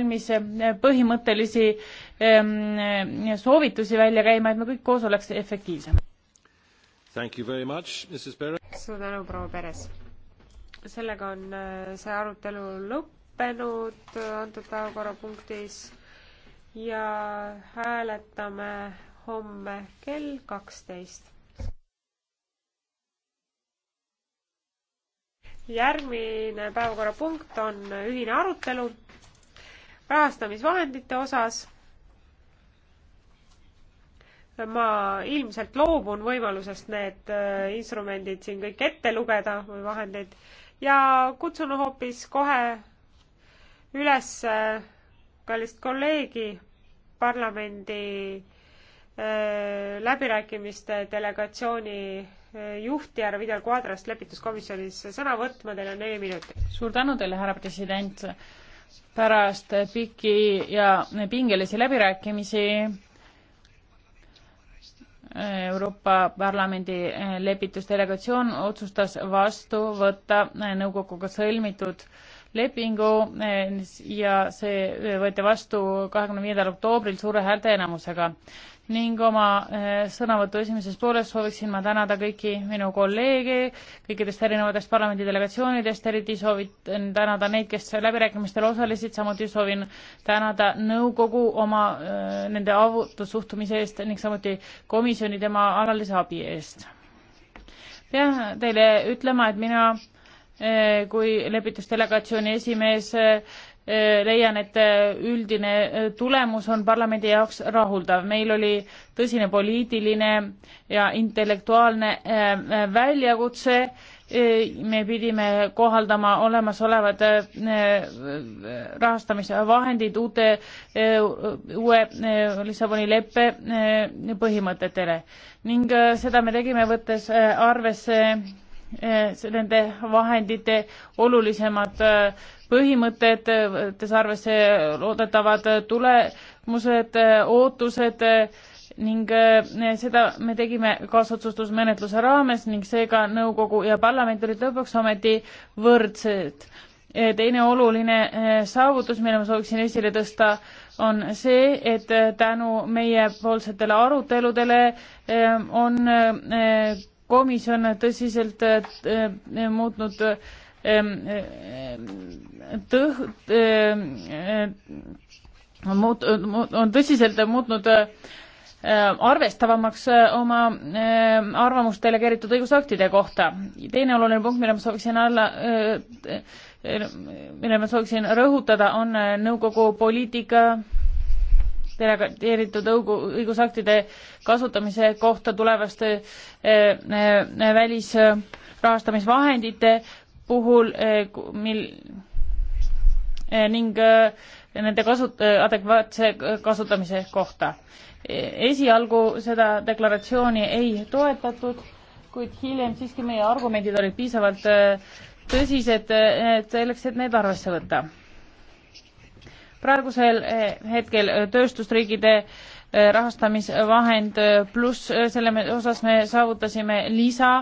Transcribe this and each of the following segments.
valmis eh, põhimõttelisi ehm, soovitusi välja käima, et me kõik koos oleks efektiivsemad. suur tänu, proua Peres. sellega on eh, see arutelu lõppenud antud päevakorrapunktis ja hääletame homme kell kaksteist. järgmine päevakorrapunkt on ühine arutelu rahastamisvahendite osas ma ilmselt loobun võimalusest need äh, instrumendid siin kõik ette lugeda või vahendeid ja kutsun hoopis kohe üles äh, kallist kolleegi parlamendi äh, läbirääkimiste delegatsiooni juhti härra Vidal Quadrast lepituskomisjonis sõna võtma, teil on neli minutit. suur tänu teile, härra president pärast pikki ja pingelisi läbirääkimisi Euroopa Parlamendi lepitusdelegatsioon otsustas vastu võtta nõukoguga sõlmitud lepingu eh, ja see võeti vastu kahekümne viiendal oktoobril suure häälteenamusega ning oma eh, sõnavõtu esimeses pooles sooviksin ma tänada kõiki minu kolleege kõikidest erinevatest parlamendi delegatsioonidest, eriti soovin tänada neid, kes läbirääkimistel osalesid, samuti soovin tänada nõukogu oma, eh, nende avutu suhtumise eest ning samuti komisjoni tema alalise abi eest. pean teile ütlema, et mina eh, kui lepitusdelegatsiooni esimees Äh, leian, et äh, üldine äh, tulemus on parlamendi jaoks rahuldav. meil oli tõsine poliitiline ja intellektuaalne väljakutse. me pidime kohaldama olemasolevad rahastamisvahendid uute, uue Lissaboni leppe põhimõtetele ning seda me tegime, võttes arvesse Eh, nende vahendite olulisemad eh, põhimõtted, eh, võttes arvesse loodetavad tulemused, ootused ning seda me tegime kaasotsustusmenetluse raames ning seega nõukogu ja parlament olid lõpuks ometi võrdsed. teine oluline saavutus, mille ma sooviksin esile tõsta, on see, et tänu meiepoolsetele aruteludele on komisjon tõsiselt äh, äh, muutnud ähm, äh, tõh-, muut-, on tõsiselt muutnud arvestavamaks oma arvamust delegeeritud õigusaktide kohta. teine oluline punkt, mille ma sooviksin alla, mille ma sooviksin rõhutada, on nõukogu poliitika delegeeritud õigusaktide kasutamise kohta tulevaste eh, eh, välisrahastamisvahendite puhul, eh, mil ning nende kasut-, adekvaatse kasutamise kohta. esialgu seda deklaratsiooni ei toetatud, kuid hiljem siiski meie argumendid olid piisavalt tõsised, et selleks, et need arvesse võtta praegusel eh, hetkel eh, tööstusriigide eh, rahastamisvahend pluss selle osas me saavutasime lisa,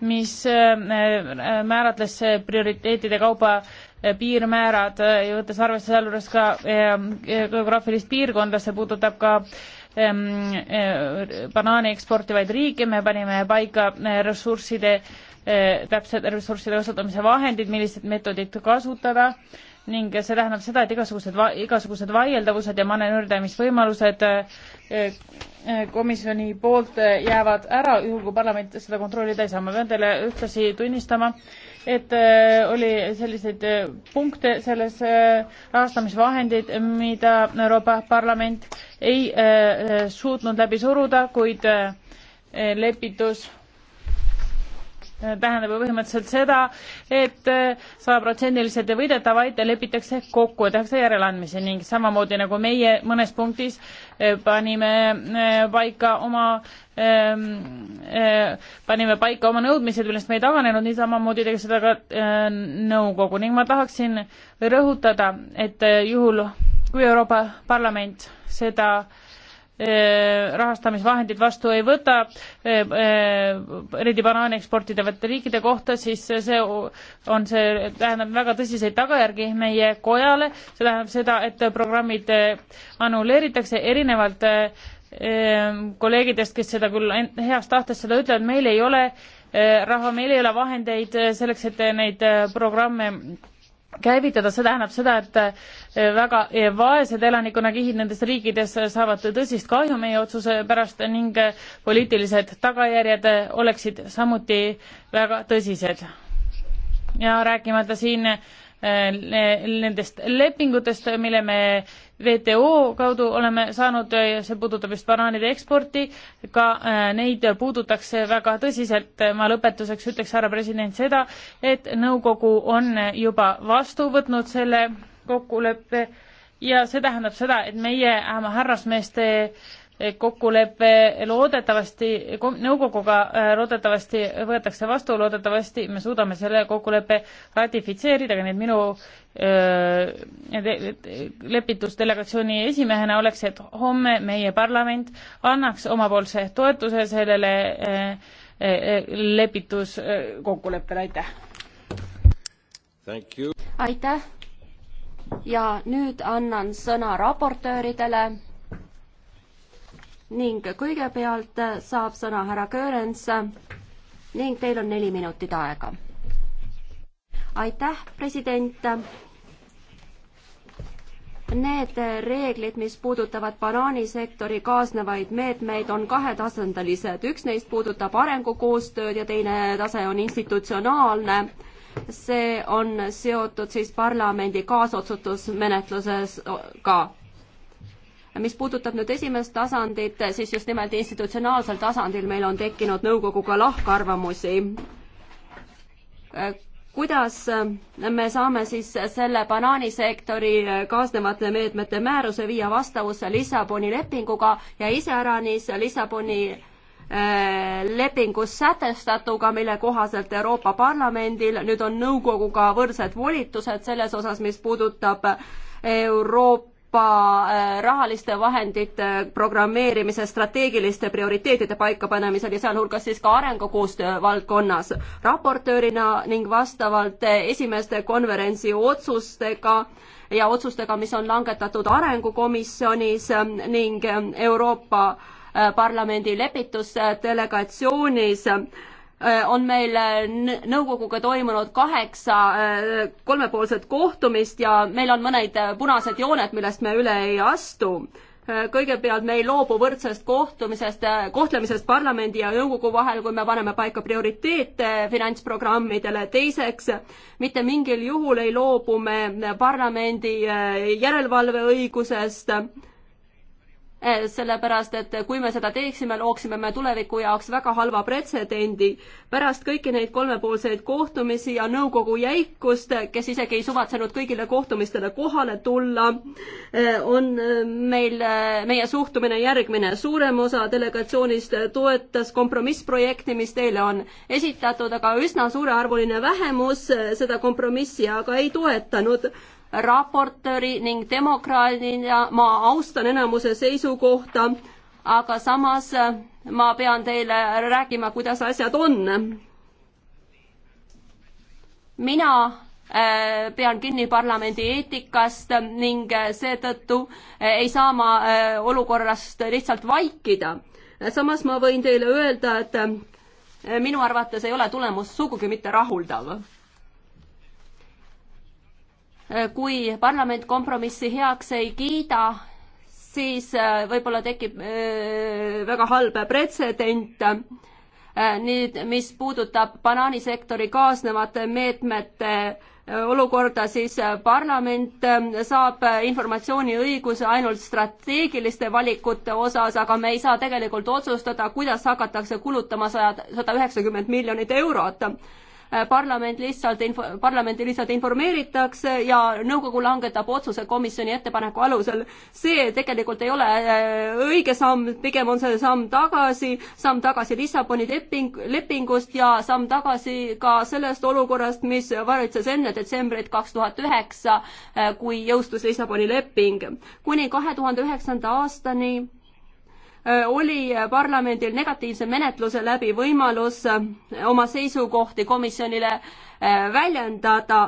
mis määratles prioriteetide kauba piirmäärad, võttes arvesse sealjuures ka geograafilist piirkonda, see puudutab ka ehm, banaani eksportivaid riike, me panime paika ressursside, täpsed ressursside kasutamise vahendid, millised meetodid kasutada ning see tähendab seda, et igasugused, igasugused vaieldavused ja manööverdamisvõimalused eh, eh, komisjoni poolt eh, jäävad ära, juhul kui parlament seda kontrollida ei saa. ma pean teile ühtlasi tunnistama, et oli selliseid punkte selles rahastamisvahendid, mida Euroopa Parlament ei suutnud läbi suruda, kuid lepitus tähendab ju põhimõtteliselt seda et, et sajaprotsendiliselt ei võideta, vaid lepitakse kokku ja tehakse järeleandmisi ning samamoodi nagu meie mõnes punktis eh, panime eh, paika oma ehm, eh, panime paika oma nõudmised, millest me ei taganenud, nii samamoodi tegi seda ka nõukogu ning ma tahaksin rõhutada, et juhul, kui Euroopa Parlament seda äh, Äh, rahastamisvahendid vastu ei võta, äh, äh, eriti banaane eksportivate riikide kohta, siis see on see, tähendab väga tõsiseid tagajärgi meie kojale, see tähendab seda, et programmid annuleeritakse erinevalt kolleegidest, kes seda küll heast tahtest seda ütlevad, meil ei ole raha, meil ei ole vahendeid selleks, et neid programme käivitada, see tähendab seda, et eh, väga eh, vaesed elanikkonnakihid nendes riikides saavad tõsist kahju meie otsuse pärast ning eh, poliitilised tagajärjed oleksid samuti väga tõsised. ja rääkimata siin Äh, nendest lepingutest, mille me WTO kaudu oleme saanud ja see puudutab just banaanide eksporti, ka äh, neid puudutakse väga tõsiselt. ma lõpetuseks ütleks, härra president, seda, et nõukogu on juba vastu võtnud selle kokkuleppe ja see tähendab seda, et meie härrasmeeste äh, kokkulepe loodetavasti, nõukoguga äh, loodetavasti võetakse vastu, loodetavasti me suudame selle kokkuleppe ratifitseerida, aga nüüd minu äh, lepitusdelegatsiooni esimehena oleks, et homme meie parlament annaks omapoolse toetuse sellele äh, lepituskokkuleppele, aitäh! aitäh! ja nüüd annan sõna raportööridele ning kõigepealt saab sõna härra Köörens ning teil on neli minutit aega. aitäh, president. Need reeglid, mis puudutavad banaanisektori kaasnevaid meetmeid, on kahetasandilised, üks neist puudutab arengukoostööd ja teine tase on institutsionaalne see on seotud siis parlamendi kaasotsustusmenetluses ka mis puudutab nüüd esimest tasandit, siis just nimelt institutsionaalsel tasandil meil on tekkinud nõukoguga lahkarvamusi. kuidas me saame siis selle banaanisektori kaasnevate meetmete määruse viia vastavusse Lissaboni lepinguga ja iseäranis Lissaboni äh, lepingus sätestatuga, mille kohaselt Euroopa Parlamendil nüüd on nõukoguga võrdsed volitused selles osas, mis puudutab Euroopa Euroopa äh, rahaliste vahendite programmeerimise strateegiliste prioriteetide paikapanemisel ja sealhulgas siis ka arengukoostöö valdkonnas. raportöörina ning vastavalt äh, esimeste konverentsi otsustega ja otsustega, mis on langetatud Arengukomisjonis äh, ning Euroopa Parlamendi lepitusdelegatsioonis Äh, on meil äh, nõukoguga toimunud kaheksa äh, kolmepoolset kohtumist ja meil on mõned punased jooned, millest me üle ei astu. kõigepealt me ei loobu võrdsest kohtumisest, kohtlemisest parlamendi ja nõukogu vahel, kui me paneme paika prioriteete finantsprogrammidele. teiseks, mitte mingil juhul ei loobu me parlamendi järelevalveõigusest Eh, sellepärast et kui me seda teeksime, looksime me tuleviku jaoks väga halva pretsedendi. pärast kõiki neid kolmepoolseid kohtumisi ja nõukogu jäikust, kes isegi ei suvatsenud kõigile kohtumistele kohale tulla, eh, on eh, meil, meie suhtumine järgmine. suurem osa delegatsioonist toetas kompromissprojekti, mis teile on esitatud, aga üsna suurearvuline vähemus seda kompromissi aga ei toetanud raportööri ning demokraadina ma austan enamuse seisukohta, aga samas äh, ma pean teile rääkima, kuidas asjad on. mina äh, pean kinni parlamendi eetikast ning äh, seetõttu ei saa ma olukorrast lihtsalt vaikida. samas ma võin teile öelda, et minu arvates ei ole tulemus sugugi mitte rahuldav kui parlament kompromissi heaks ei kiida, siis äh, võib-olla tekib äh, väga halb pretsedent. Äh, nüüd, mis puudutab banaanisektori kaasnevate meetmete olukorda, siis parlament saab informatsiooniõiguse ainult strateegiliste valikute osas, aga me ei saa tegelikult otsustada, kuidas hakatakse kulutama saja, sada üheksakümmend miljonit eurot Äh, parlament lihtsalt, parlamenti lihtsalt informeeritakse ja nõukogu langetab otsuse komisjoni ettepaneku alusel. see tegelikult ei ole äh, õige samm, pigem on see samm tagasi, samm tagasi Lissaboni leping, lepingust ja samm tagasi ka sellest olukorrast, mis valitses enne detsembrit kaks tuhat üheksa, äh, kui jõustus Lissaboni leping. kuni kahe tuhande üheksanda aastani Äh, oli parlamendil negatiivse menetluse läbi võimalus äh, oma seisukohti komisjonile äh, väljendada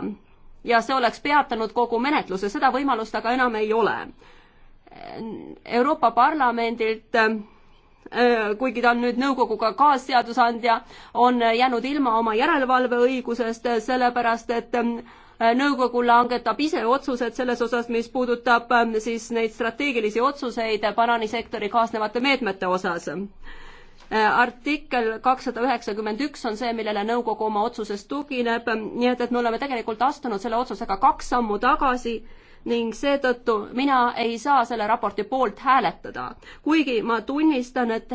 ja see oleks peatanud kogu menetluse, seda võimalust aga enam ei ole. Euroopa Parlamendilt kuigi ta on nüüd nõukoguga kaasseadusandja, on jäänud ilma oma järelevalveõigusest, sellepärast et Äh, nõukogu langetab ise otsused selles osas, mis puudutab ähm, siis neid strateegilisi otsuseid bananisektori kaasnevate meetmete osas. Äh, artikkel kakssada üheksakümmend üks on see, millele nõukogu oma otsuses tugineb, nii et, et me oleme tegelikult astunud selle otsusega kaks sammu tagasi ning seetõttu mina ei saa selle raporti poolt hääletada, kuigi ma tunnistan, et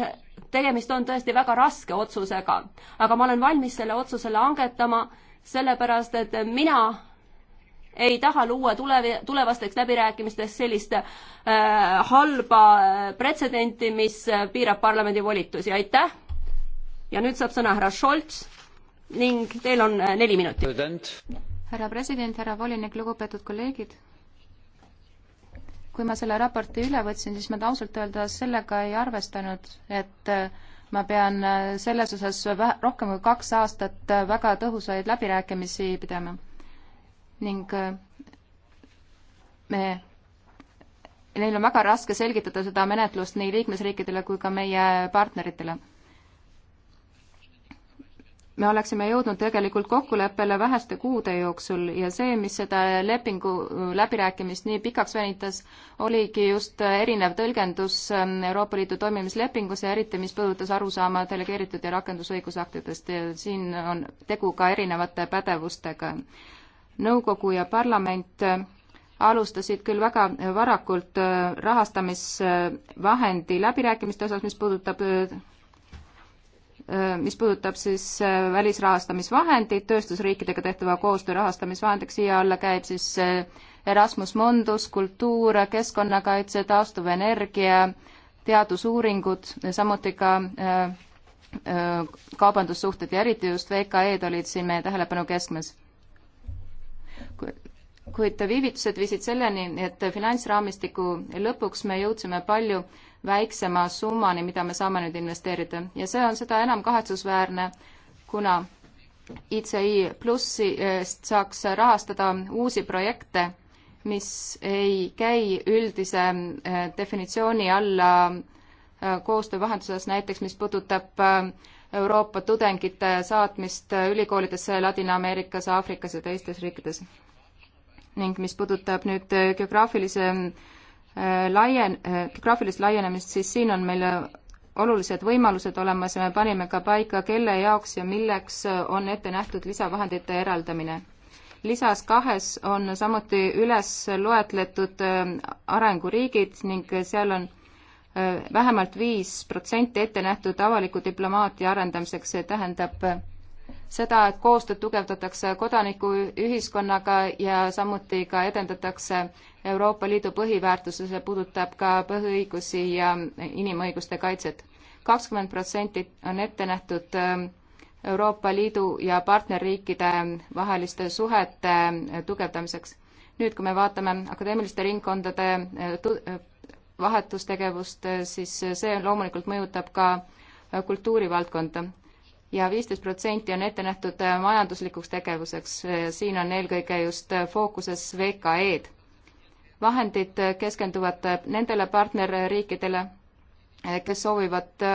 tegemist on tõesti väga raske otsusega, aga ma olen valmis selle otsuse langetama, sellepärast et mina ei taha luua tule, tulevasteks läbirääkimisteks sellist äh, halba äh, pretsedenti, mis äh, piirab parlamendi volitusi, aitäh. ja nüüd saab sõna härra Scholz ning teil on äh, neli minutit. härra president, härra volinik, lugupeetud kolleegid. kui ma selle raporti üle võtsin, siis ma ausalt öeldes sellega ei arvestanud, et ma pean selles osas rohkem kui kaks aastat väga tõhusaid läbirääkimisi pidama ning äh, me, neil on väga raske selgitada seda menetlust nii liikmesriikidele kui ka meie partneritele. me oleksime jõudnud tegelikult kokkuleppele väheste kuude jooksul ja see, mis seda lepingu läbirääkimist nii pikaks venitas, oligi just erinev tõlgendus ähm, Euroopa Liidu toimimislepingus ja eriti, mis puudutas arusaama delegeeritud ja rakendusõigusaktidest ja siin on tegu ka erinevate pädevustega nõukogu ja parlament äh, alustasid küll väga varakult äh, rahastamisvahendi läbirääkimiste osas, mis puudutab äh, mis puudutab siis välisrahastamisvahendit, tööstusriikidega tehtava koostöö rahastamisvahendiks, siia alla käib siis Erasmus Mundus, kultuur, keskkonnakaitse, taastuvenergia, teadusuuringud, samuti ka kaubandussuhted ja eriti just VKE-d olid siin meie tähelepanu keskmes kuid viivitused viisid selleni, et finantsraamistiku lõpuks me jõudsime palju väiksema summani, mida me saame nüüd investeerida ja see on seda enam kahetsusväärne, kuna ICI plussist eh, saaks rahastada uusi projekte, mis ei käi üldise eh, definitsiooni alla eh, koostöö vahenduses, näiteks mis puudutab Euroopa tudengite saatmist ülikoolidesse Ladina-Ameerikas, Aafrikas ja teistes riikides ning mis puudutab nüüd äh, geograafilise äh, laien-, äh, geograafilist laienemist, siis siin on meil olulised võimalused olemas ja me panime ka paika, kelle jaoks ja milleks on ette nähtud lisavahendite eraldamine. lisas kahes on samuti üles loetletud arenguriigid ning seal on vähemalt viis protsenti ette nähtud avaliku diplomaatia arendamiseks, see tähendab seda, et koostööd tugevdatakse kodanikuühiskonnaga ja samuti ka edendatakse Euroopa Liidu põhiväärtusi, see puudutab ka põhiõigusi ja inimõiguste kaitset. kakskümmend protsenti on ette nähtud ähm, Euroopa Liidu ja partnerriikide vaheliste suhete äh, tugevdamiseks. nüüd, kui me vaatame akadeemiliste ringkondade äh, äh, vahetustegevust, siis see loomulikult mõjutab ka kultuurivaldkonda ja viisteist protsenti on ette nähtud äh, majanduslikuks tegevuseks. Äh, siin on eelkõige just äh, fookuses VKE-d. vahendid keskenduvad nendele partnerriikidele, kes soovivad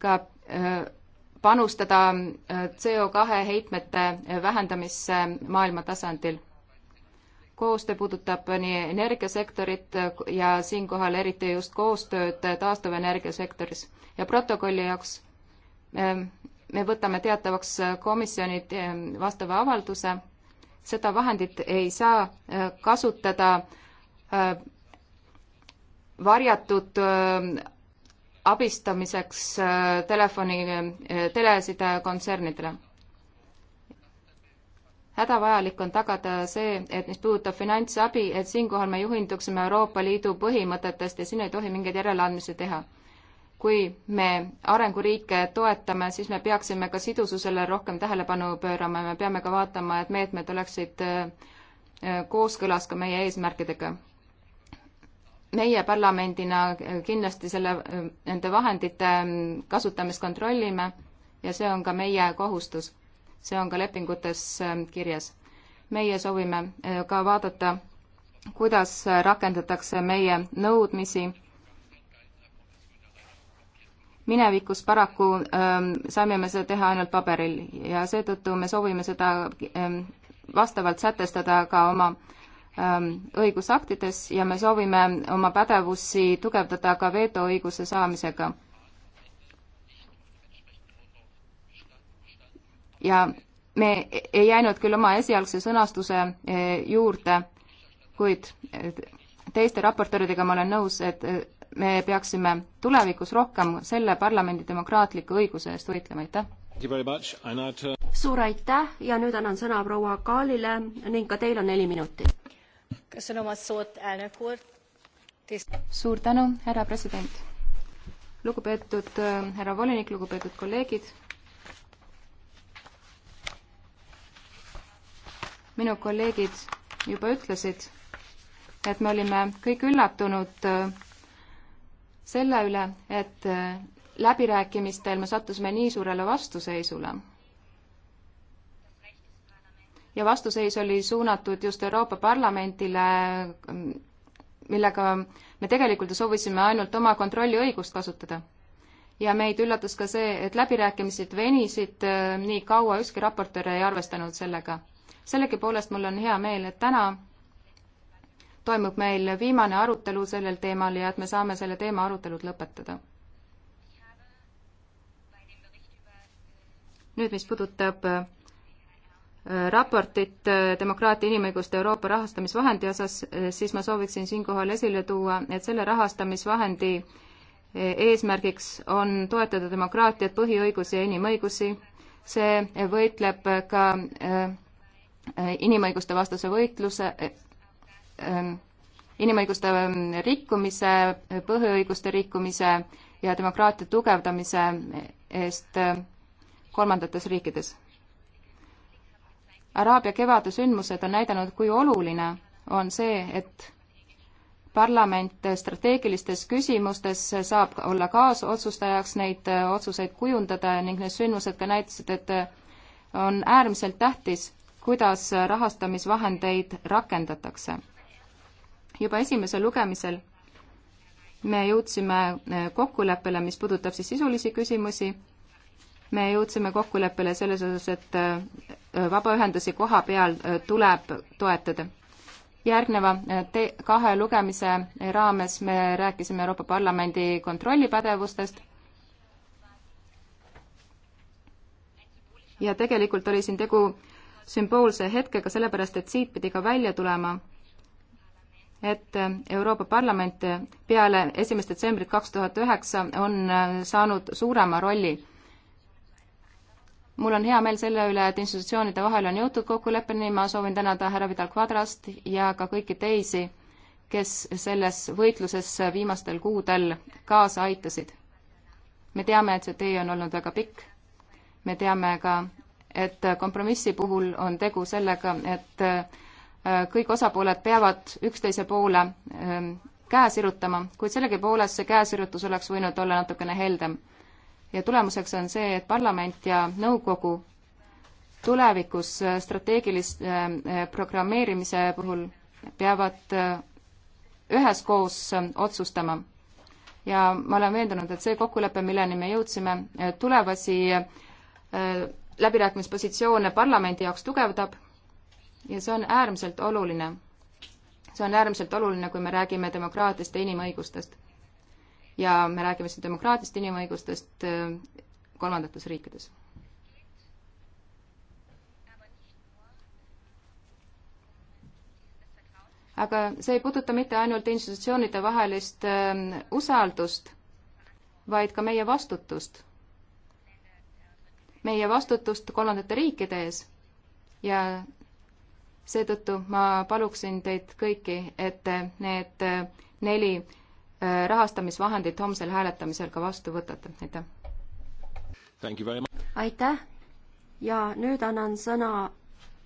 ka panustada CO2 heitmete vähendamisse maailma tasandil. koostöö puudutab nii energiasektorit ja siinkohal eriti just koostööd taastuvenergiasektoris ja protokolli jaoks Ehm, me võtame teatavaks äh, komisjoni ehm, vastava avalduse, seda vahendit ei saa äh, kasutada äh, varjatud ähm, abistamiseks telefoni, telesidekontsernidele. hädavajalik on tagada see, et mis puudutab finantsabi, et siinkohal me juhinduksime Euroopa Liidu põhimõtetest ja siin ei tohi mingeid järeleandmisi teha kui me arenguriike toetame, siis me peaksime ka sidususele rohkem tähelepanu pöörama ja me peame ka vaatama, et meetmed oleksid äh, äh, kooskõlas ka meie eesmärkidega. meie parlamendina kindlasti selle, äh, nende vahendite ähm, kasutamist kontrollime ja see on ka meie kohustus. see on ka lepingutes ähm, kirjas. meie soovime ka vaadata, kuidas rakendatakse meie nõudmisi minevikus paraku ähm, saime me seda teha ainult paberil ja seetõttu me soovime seda ähm, vastavalt sätestada ka oma ähm, õigusaktides ja me soovime oma pädevusi tugevdada ka vetoõiguse saamisega. ja me ei jäänud küll oma esialgse sõnastuse äh, juurde, kuid äh, teiste raportööridega ma olen nõus, et äh, me peaksime tulevikus rohkem selle parlamendi demokraatliku õiguse eest võitlema, aitäh! suur aitäh ja nüüd annan sõna proua Kaalile ning ka teil on neli minutit. suur tänu, härra president! lugupeetud äh, härra volinik, lugupeetud kolleegid! minu kolleegid juba ütlesid, et me olime kõik üllatunud äh, selle üle, et äh, läbirääkimistel me sattusime nii suurele vastuseisule. ja vastuseis oli suunatud just Euroopa Parlamendile, millega me tegelikult ju soovisime ainult oma kontrolliõigust kasutada. ja meid üllatas ka see, et läbirääkimised venisid äh, nii kaua, ükski raportöör ei arvestanud sellega. sellegipoolest mul on hea meel, et täna toimub meil viimane arutelu sellel teemal ja et me saame selle teema arutelud lõpetada. nüüd, mis puudutab äh, raportit äh, demokraatia inimõiguste Euroopa rahastamisvahendi osas, äh, siis ma sooviksin siinkohal esile tuua, et selle rahastamisvahendi eesmärgiks on toetada demokraatiat, põhiõigusi ja inimõigusi. see võitleb ka inimõiguste vastase võitluse Ähm, inimõiguste ähm, rikkumise, põhiõiguste rikkumise ja demokraatia tugevdamise eest ähm, kolmandates riikides. Araabia kevade sündmused on näidanud, kui oluline on see, et parlament strateegilistes küsimustes saab olla kaasotsustajaks, neid äh, otsuseid kujundada ning need sündmused ka näitasid, et äh, on äärmiselt tähtis, kuidas rahastamisvahendeid rakendatakse juba esimesel lugemisel me jõudsime eh, kokkuleppele, mis puudutab siis sisulisi küsimusi. me jõudsime kokkuleppele selles osas, et eh, vabaühendusi koha peal eh, tuleb toetada. järgneva te-, kahe lugemise raames me rääkisime Euroopa Parlamendi kontrollipädevustest ja tegelikult oli siin tegu sümboolse hetkega, sellepärast et siit pidi ka välja tulema et Euroopa Parlament peale esimest detsembrit kaks tuhat üheksa on saanud suurema rolli. mul on hea meel selle üle, et institutsioonide vahel on jõutud kokkuleppeni, ma soovin tänada härra Vidal Quadrast ja ka kõiki teisi, kes selles võitluses viimastel kuudel kaasa aitasid. me teame, et see tee on olnud väga pikk, me teame ka, et kompromissi puhul on tegu sellega, et Äh, kõik osapooled peavad üksteise poole ähm, käe sirutama, kuid sellegipoolest see käesirutus oleks võinud olla natukene heldem. ja tulemuseks on see, et parlament ja nõukogu tulevikus äh, strateegilist äh, programmeerimise puhul peavad üheskoos otsustama. ja ma olen veendunud, et see kokkulepe, milleni me jõudsime, tulevasi läbirääkimispositsioone parlamendi jaoks tugevdab ja see on äärmiselt oluline. see on äärmiselt oluline, kui me räägime demokraatiast ja inimõigustest. ja me räägime siin demokraatiast, inimõigustest äh, kolmandates riikides. aga see ei puuduta mitte ainult institutsioonide vahelist äh, usaldust, vaid ka meie vastutust. meie vastutust kolmandate riikide ees ja seetõttu ma paluksin teid kõiki, et need äh, neli äh, rahastamisvahendit homsel hääletamisel ka vastu võtate, aitäh. aitäh ja nüüd annan sõna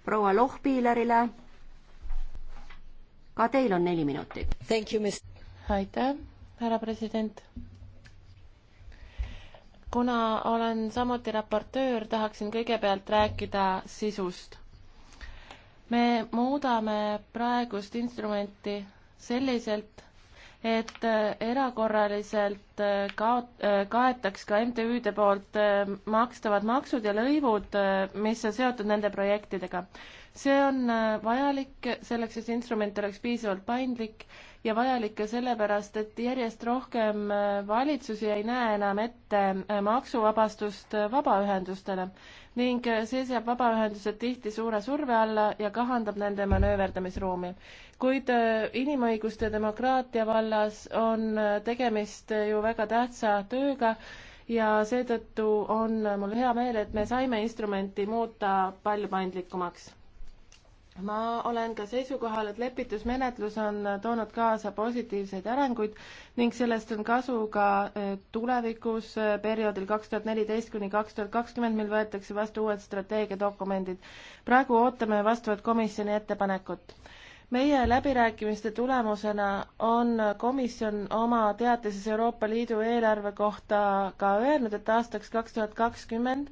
proua Lohpiilerile. ka teil on neli minutit. aitäh, härra president kuna olen samuti raportöör, tahaksin kõigepealt rääkida sisust me muudame praegust instrumenti selliselt, et erakorraliselt et äh, kaot-, äh, kaetaks ka MTÜ-de poolt äh, makstavad maksud ja lõivud, mis on seotud nende projektidega. see on vajalik selleks, et instrument oleks piisavalt paindlik ja vajalik ka sellepärast, et järjest rohkem valitsusi ei näe enam ette maksuvabastust vabaühendustele ning see seab vabaühendused tihti suure surve alla ja kahandab nende manööverdamisruumi. kuid inimõiguste ja demokraatia vallas on tegemist ju väga tähtsa tööga ja seetõttu on mul hea meel, et me saime instrumenti muuta palju paindlikumaks. ma olen ka seisukohal, et lepitusmenetlus on toonud kaasa positiivseid arenguid ning sellest on kasu ka eh, tulevikus, eh, perioodil kaks tuhat neliteist kuni kaks tuhat kakskümmend, mil võetakse vastu uued strateegiadokumendid. praegu ootame vastavat komisjoni ettepanekut meie läbirääkimiste tulemusena on komisjon oma teatises Euroopa Liidu eelarve kohta ka öelnud, et aastaks kaks tuhat kakskümmend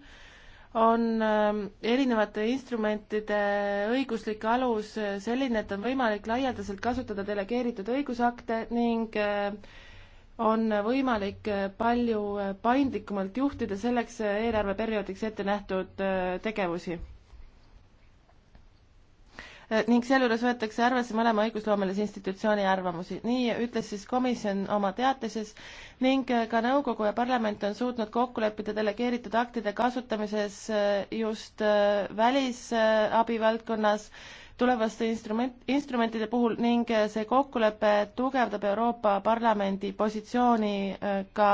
on ähm, erinevate instrumentide õiguslik alus selline, et on võimalik laialdaselt kasutada delegeeritud õigusakte ning äh, on võimalik äh, palju äh, paindlikumalt juhtida selleks eelarveperioodiks ette nähtud tegevusi Eh, ning sealjuures võetakse arvesse mõlema õigusloomelise institutsiooni arvamusi. nii ütles siis komisjon oma teatises ning eh, ka nõukogu ja parlament on suutnud kokku leppida delegeeritud aktide kasutamises eh, just välisabi valdkonnas tulevaste instrument, instrumentide puhul ning see kokkulepe tugevdab Euroopa Parlamendi positsiooni ka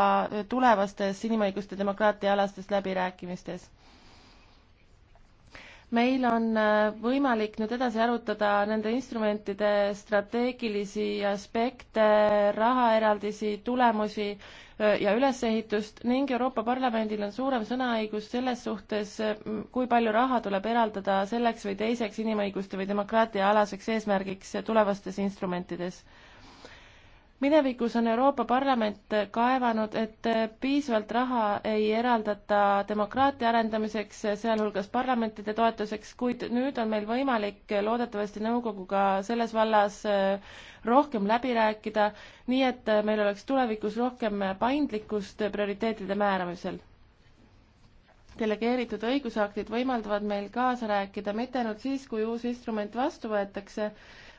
tulevastes inimõiguste demokraatia alastes läbirääkimistes meil on äh, võimalik nüüd edasi arutada nende instrumentide strateegilisi aspekte, rahaeraldisi, tulemusi äh, ja ülesehitust ning Euroopa Parlamendil on suurem sõnaõigus selles suhtes, äh, kui palju raha tuleb eraldada selleks või teiseks inimõiguste või demokraatia alaseks eesmärgiks tulevastes instrumentides minevikus on Euroopa Parlament kaevanud, et piisavalt raha ei eraldata demokraatia arendamiseks, sealhulgas parlamentide toetuseks, kuid nüüd on meil võimalik loodetavasti nõukoguga selles vallas rohkem läbi rääkida, nii et meil oleks tulevikus rohkem paindlikkust prioriteetide määramisel delegeeritud õigusaktid võimaldavad meil kaasa rääkida mitte ainult siis, kui uus instrument vastu võetakse,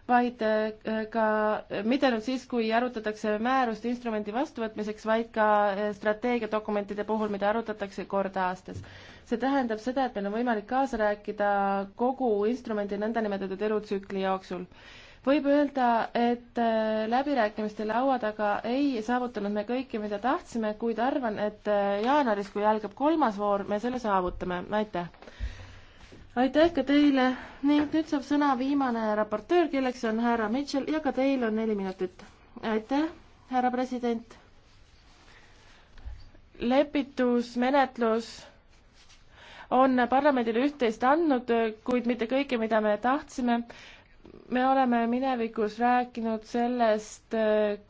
vaid äh, ka äh, mitte ainult siis, kui arutatakse määrust instrumendi vastuvõtmiseks, vaid ka äh, strateegiadokumentide puhul, mida arutatakse kord aastas. see tähendab seda, et meil on võimalik kaasa rääkida kogu instrumendi nõndanimetatud elutsükli jooksul võib öelda, et läbirääkimiste laua taga ei saavutanud me kõike, mida tahtsime, kuid arvan, et jaanuaris, kui algab kolmas voor, me selle saavutame. aitäh! aitäh ka teile ning nüüd saab sõna viimane raportöör, kelleks on härra Mitchell ja ka teil on neli minutit. aitäh, härra president. lepitusmenetlus on parlamendile üht-teist andnud, kuid mitte kõike, mida me tahtsime me oleme minevikus rääkinud sellest,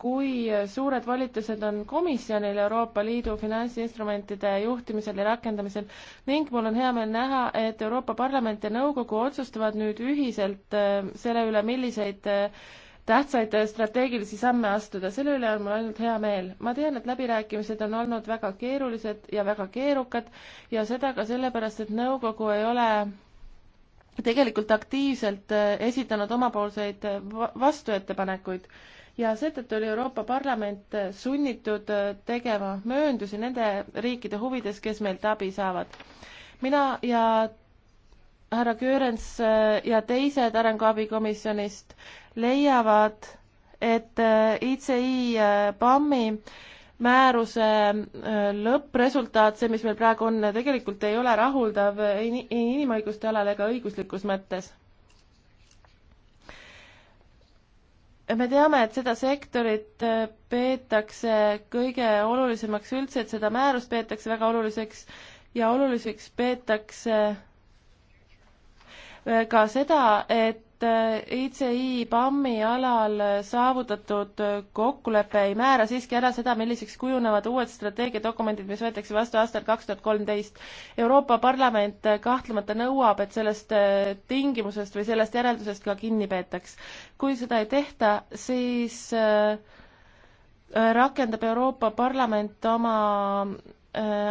kui suured volitused on komisjonil Euroopa Liidu finantsinstrumentide juhtimisel ja rakendamisel ning mul on hea meel näha, et Euroopa Parlament ja Nõukogu otsustavad nüüd ühiselt äh, selle üle, milliseid äh, tähtsaid äh, strateegilisi samme astuda, selle üle on mul ainult hea meel. ma tean, et läbirääkimised on olnud väga keerulised ja väga keerukad ja seda ka sellepärast, et nõukogu ei ole tegelikult aktiivselt äh, esitanud omapoolseid äh, vastuettepanekuid ja seetõttu oli Euroopa Parlament äh, sunnitud tegema mööndusi nende riikide huvides, kes meilt abi saavad. mina ja härra Köörens ja teised arenguabikomisjonist leiavad, et ICI PAM-i määruse äh, lõppresultaat, see, mis meil praegu on, tegelikult ei ole rahuldav ei inimõiguste alal ega õiguslikus mõttes. me teame, et seda sektorit äh, peetakse kõige olulisemaks üldse, et seda määrust peetakse väga oluliseks ja oluliseks peetakse äh, ka seda, et et ICI äh, PAM-i alal saavutatud äh, kokkulepe ei määra siiski ära seda, milliseks kujunevad uued strateegiadokumendid, mis võetakse vastu aastal kaks tuhat kolmteist. Euroopa Parlament äh, kahtlemata nõuab, et sellest tingimusest või sellest järeldusest ka kinni peetaks. kui seda ei tehta, siis rakendab Euroopa Parlament oma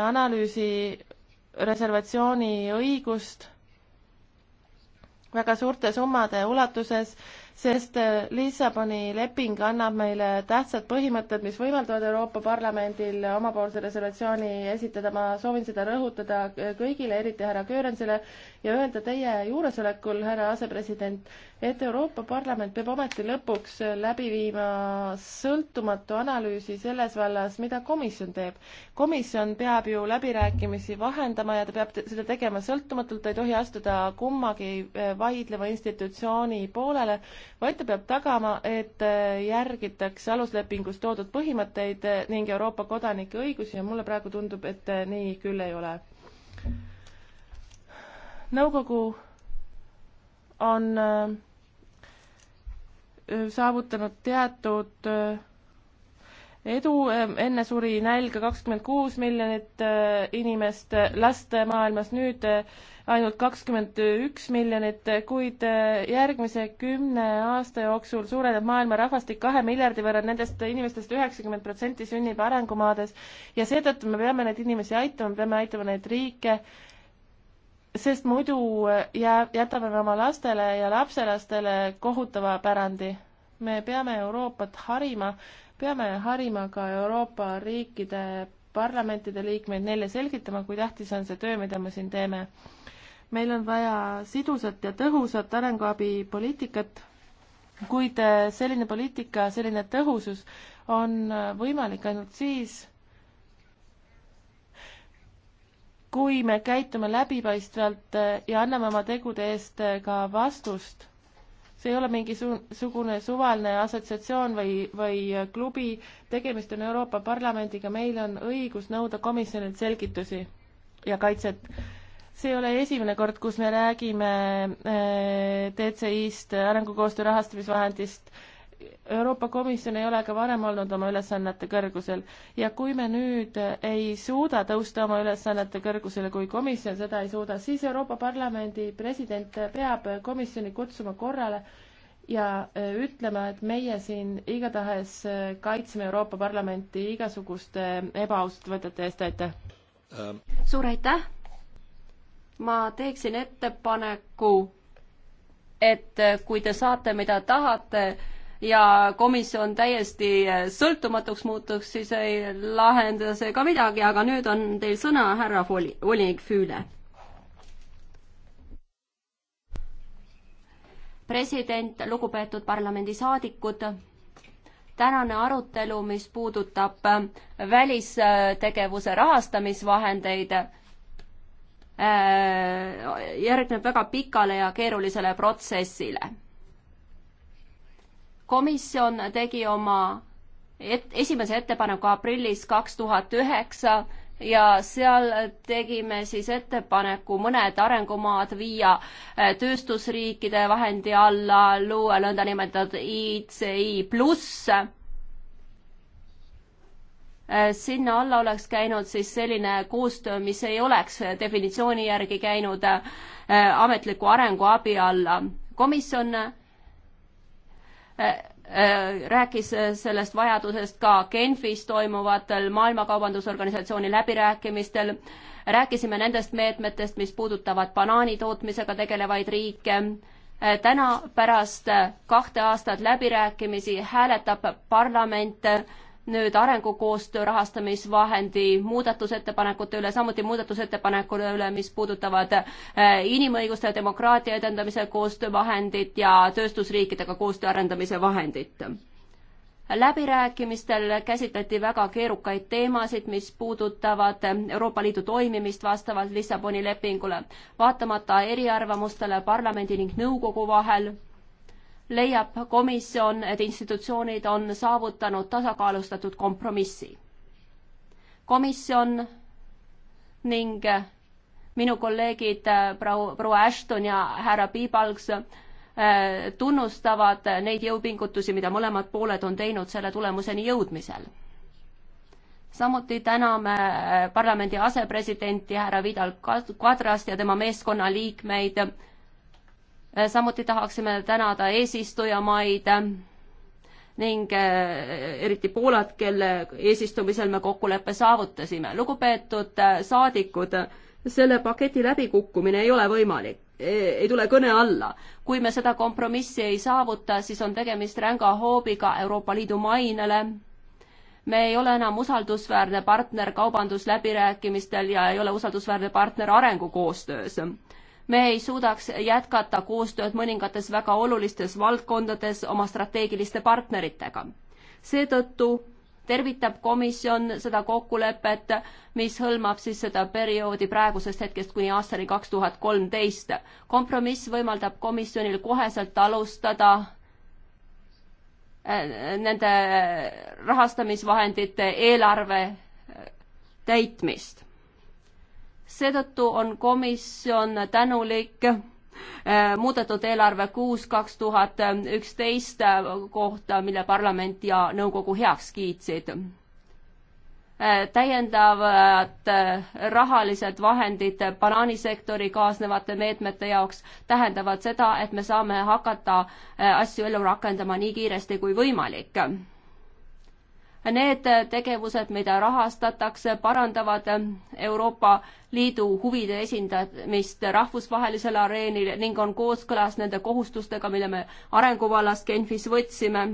analüüsi reservatsiooni õigust väga suurte summade ulatuses, sest äh, Lissaboni leping annab meile tähtsad põhimõtted, mis võimaldavad Euroopa Parlamendil omapoolse resolutsiooni esitada. ma soovin seda rõhutada kõigile, eriti härra Köörensile ja öelda teie juuresolekul, härra asepresident, et Euroopa Parlament peab ometi lõpuks läbi viima sõltumatu analüüsi selles vallas, mida komisjon teeb. komisjon peab ju läbirääkimisi vahendama ja ta peab seda tegema sõltumatult, ta ei tohi astuda kummagi eh, vaidleva institutsiooni poolele, vaid ta peab tagama, et eh, järgitakse aluslepingus toodud põhimõtteid eh, ning Euroopa kodanike õigusi ja mulle praegu tundub, et nii küll ei ole. nõukogu on saavutanud teatud äh, edu, ähm, enne suri nälga kakskümmend kuus miljonit äh, inimest, äh, last maailmas nüüd ainult kakskümmend üks miljonit, kuid järgmise kümne aasta jooksul suureneb maailma rahvastik kahe miljardi võrra, nendest inimestest üheksakümmend protsenti sünnib arengumaades ja seetõttu me peame neid inimesi aitama, peame aitama neid riike sest muidu äh, jääb, jätame me oma lastele ja lapselastele kohutava pärandi. me peame Euroopat harima, peame harima ka Euroopa riikide parlamentide liikmeid, neile selgitama, kui tähtis on see töö, mida me siin teeme. meil on vaja sidusat ja tõhusat arenguabipoliitikat, kuid äh, selline poliitika, selline tõhusus on äh, võimalik ainult siis, kui me käitume läbipaistvalt eh, ja anname oma tegude eest eh, ka vastust, see ei ole mingisugune suvaline assotsiatsioon või, või eh, klubi, tegemist on Euroopa Parlamendiga, meil on õigus nõuda komisjonilt selgitusi ja kaitset. see ei ole esimene kord, kus me räägime DCI-st, arengukoostöö rahastamisvahendist, Euroopa Komisjon ei ole ka varem olnud oma ülesannete kõrgusel ja kui me nüüd ei suuda tõusta oma ülesannete kõrgusele, kui komisjon seda ei suuda, siis Euroopa Parlamendi president peab komisjoni kutsuma korrale ja e, ütlema, et meie siin igatahes e, kaitseme Euroopa Parlamenti igasuguste ebaausate võtete eest, aitäh ähm.! suur aitäh! ma teeksin ettepaneku, et e, kui te saate, mida tahate, ja komisjon täiesti sõltumatuks muutuks, siis ei lahenda see ka midagi, aga nüüd on teil sõna, härra voli-, volinik Füüle. president, lugupeetud parlamendisaadikud, tänane arutelu, mis puudutab äh, välistegevuse rahastamisvahendeid, äh, järgneb väga pikale ja keerulisele protsessile komisjon tegi oma et, esimese ettepaneku aprillis kaks tuhat üheksa ja seal tegime siis ettepaneku mõned arengumaad viia äh, tööstusriikide vahendi alla, luua nõndanimetatud ICI pluss. Äh, sinna alla oleks käinud siis selline koostöö, mis ei oleks definitsiooni järgi käinud äh, ametliku arenguabi alla. komisjon Äh, äh, rääkis äh, sellest vajadusest ka Genfis toimuvatel Maailmakaubandusorganisatsiooni läbirääkimistel. rääkisime nendest meetmetest, mis puudutavad banaanitootmisega tegelevaid riike. täna pärast kahte aastat läbirääkimisi hääletab parlament nüüd arengukoostöö rahastamisvahendi muudatusettepanekute üle, samuti muudatusettepanekule üle, mis puudutavad äh, inimõiguste ja demokraatia edendamise koostöövahendit ja tööstusriikidega koostöö arendamise vahendit. läbirääkimistel käsitleti väga keerukaid teemasid, mis puudutavad Euroopa Liidu toimimist vastavalt Lissaboni lepingule. vaatamata eriarvamustele parlamendi ning nõukogu vahel leiab komisjon, et institutsioonid on saavutanud tasakaalustatud kompromissi. komisjon ning minu kolleegid äh, proua Ashton ja härra Piibalgs äh, tunnustavad neid jõupingutusi, mida mõlemad pooled on teinud selle tulemuseni jõudmisel. samuti täname äh, parlamendi asepresidenti härra Vidal Kadrast ja tema meeskonna liikmeid Äh, samuti tahaksime tänada eesistujamaid ning äh, eriti Poolat, kelle eesistumisel me kokkuleppe saavutasime. lugupeetud äh, saadikud, selle paketi läbikukkumine ei ole võimalik, e, ei tule kõne alla. kui me seda kompromissi ei saavuta, siis on tegemist ränga hoobiga Euroopa Liidu mainele. me ei ole enam usaldusväärne partner kaubandusläbirääkimistel ja ei ole usaldusväärne partner arengukoostöös me ei suudaks jätkata koostööd mõningates väga olulistes valdkondades oma strateegiliste partneritega. seetõttu tervitab komisjon seda kokkulepet, mis hõlmab siis seda perioodi praegusest hetkest kuni aastani kaks tuhat kolmteist. kompromiss võimaldab komisjonil koheselt alustada äh, nende rahastamisvahendite eelarve äh, täitmist seetõttu on komisjon tänulik äh, muudetud eelarve kuus kaks tuhat üksteist kohta, mille parlament ja nõukogu heaks kiitsid. Äh, täiendavad äh, rahalised vahendid banaanisektori kaasnevate meetmete jaoks tähendavad seda, et me saame hakata asju ellu rakendama nii kiiresti kui võimalik Need tegevused, mida rahastatakse, parandavad Euroopa Liidu huvide esindamist rahvusvahelisel areenil ning on kooskõlas nende kohustustega, mille me arenguvallas Genfis võtsime.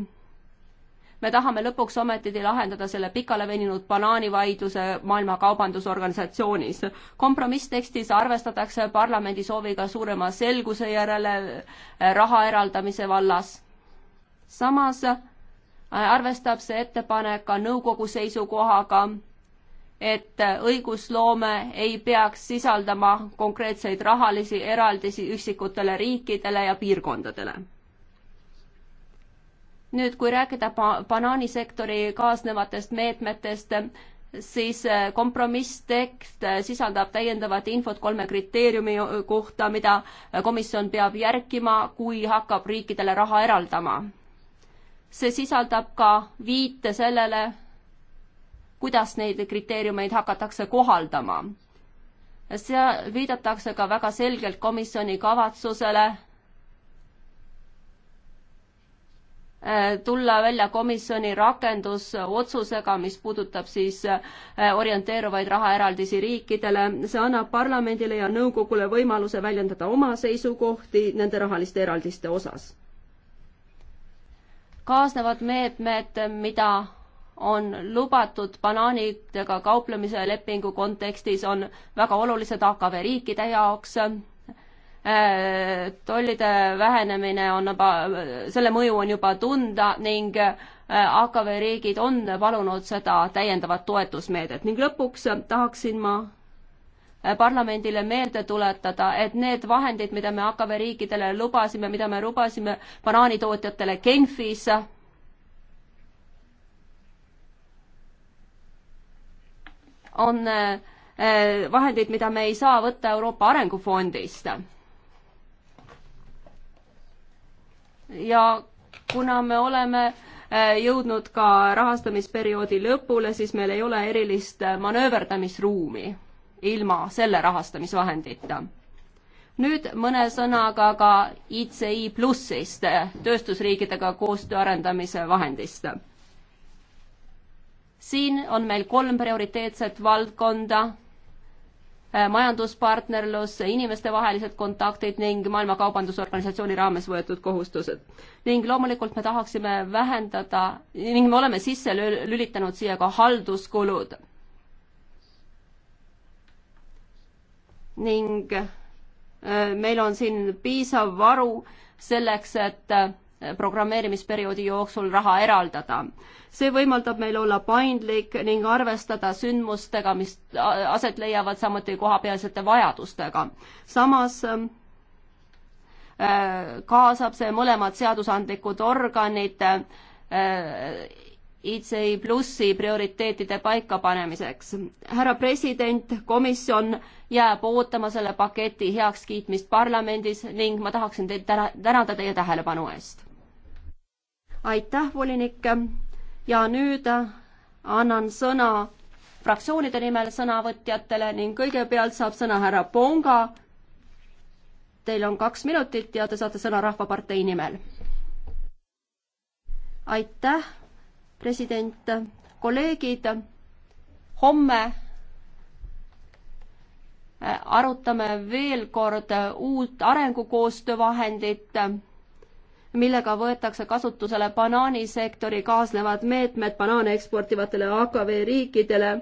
me tahame lõpuks ometigi lahendada selle pikale veninud banaanivaidluse Maailma Kaubandusorganisatsioonis. kompromisstekstis arvestatakse parlamendi sooviga suurema selguse järele raha eraldamise vallas. samas arvestab see ettepanek ka nõukogu seisukohaga, et õigusloome ei peaks sisaldama konkreetseid rahalisi eraldisi üksikutele riikidele ja piirkondadele. nüüd, kui rääkida banaanisektori kaasnevatest meetmetest, siis eh, kompromisstekst eh, sisaldab täiendavat infot kolme kriteeriumi eh, kohta, mida komisjon peab järgima, kui hakkab riikidele raha eraldama see sisaldab ka viite sellele, kuidas neid kriteeriumeid hakatakse kohaldama. seal viidatakse ka väga selgelt komisjoni kavatsusele äh, tulla välja komisjoni rakendusotsusega, mis puudutab siis äh, orienteeruvaid rahaeraldisi riikidele. see annab parlamendile ja nõukogule võimaluse väljendada oma seisukohti nende rahaliste eraldiste osas kaasnevad meetmed, mida on lubatud banaanidega kauplemise lepingu kontekstis, on väga olulised AKV riikide jaoks. Äh, tollide vähenemine on juba, selle mõju on juba tunda ning äh, AKV riigid on palunud seda täiendavat toetusmeedet ning lõpuks tahaksin ma parlamendile meelde tuletada, et need vahendid, mida me AKV riikidele lubasime, mida me lubasime banaanitootjatele Genfis, on eh, vahendid, mida me ei saa võtta Euroopa Arengufondist. ja kuna me oleme eh, jõudnud ka rahastamisperioodi lõpule, siis meil ei ole erilist eh, manööverdamisruumi ilma selle rahastamisvahendita. nüüd mõne sõnaga ka ICI plussist, tööstusriikidega koostöö arendamise vahendist. siin on meil kolm prioriteetset valdkonda äh, majanduspartnerlus, inimestevahelised kontaktid ning Maailma Kaubandusorganisatsiooni raames võetud kohustused. ning loomulikult me tahaksime vähendada ning me oleme sisse lülitanud siia ka halduskulud. ning meil on siin piisav varu selleks, et programmeerimisperioodi jooksul raha eraldada. see võimaldab meil olla paindlik ning arvestada sündmustega, mis aset leiavad, samuti kohapealsete vajadustega. samas kaasab see mõlemad seadusandlikud organid ICI plussi prioriteetide paikapanemiseks. härra president, komisjon jääb ootama selle paketi heakskiitmist parlamendis ning ma tahaksin teid täna, tänada teie tähelepanu eest. aitäh, volinik, ja nüüd annan sõna fraktsioonide nimel sõnavõtjatele ning kõigepealt saab sõna härra Ponga. Teil on kaks minutit ja te saate sõna Rahvapartei nimel. aitäh president, kolleegid, homme äh, arutame veel kord äh, uut arengukoostöövahendit, millega võetakse kasutusele banaanisektori kaasnevad meetmed banaane eksportivatele AKV riikidele.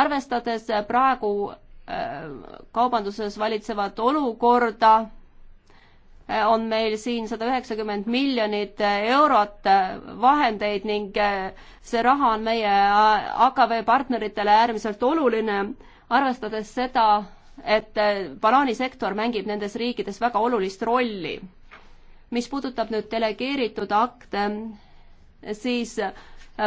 arvestades praegu äh, kaubanduses valitsevat olukorda on meil siin sada üheksakümmend miljonit eurot vahendeid ning eh, see raha on meie eh, AKV partneritele äärmiselt oluline, arvestades seda, et eh, banaanisektor mängib nendes riikides väga olulist rolli. mis puudutab nüüd delegeeritud akte, siis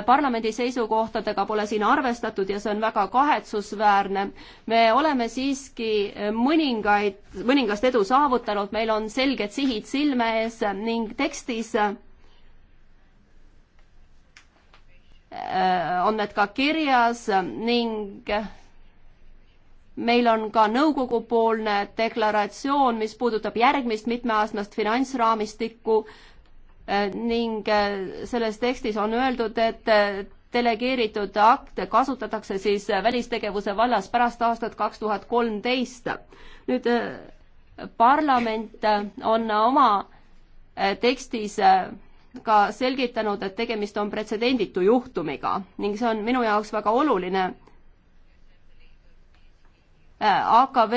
parlamendi seisukohtadega pole siin arvestatud ja see on väga kahetsusväärne. me oleme siiski mõningaid, mõningast edu saavutanud, meil on selged sihid silme ees ning tekstis äh, on need ka kirjas ning meil on ka nõukogupoolne deklaratsioon, mis puudutab järgmist mitmeaastast finantsraamistikku Äh, ning äh, selles tekstis on öeldud, et äh, delegeeritud akte kasutatakse siis välistegevuse vallas pärast aastat kaks tuhat kolmteist. nüüd parlament on oma tekstis ka selgitanud, et tegemist on pretsedenditu juhtumiga ning see on minu jaoks väga oluline Äh, AKV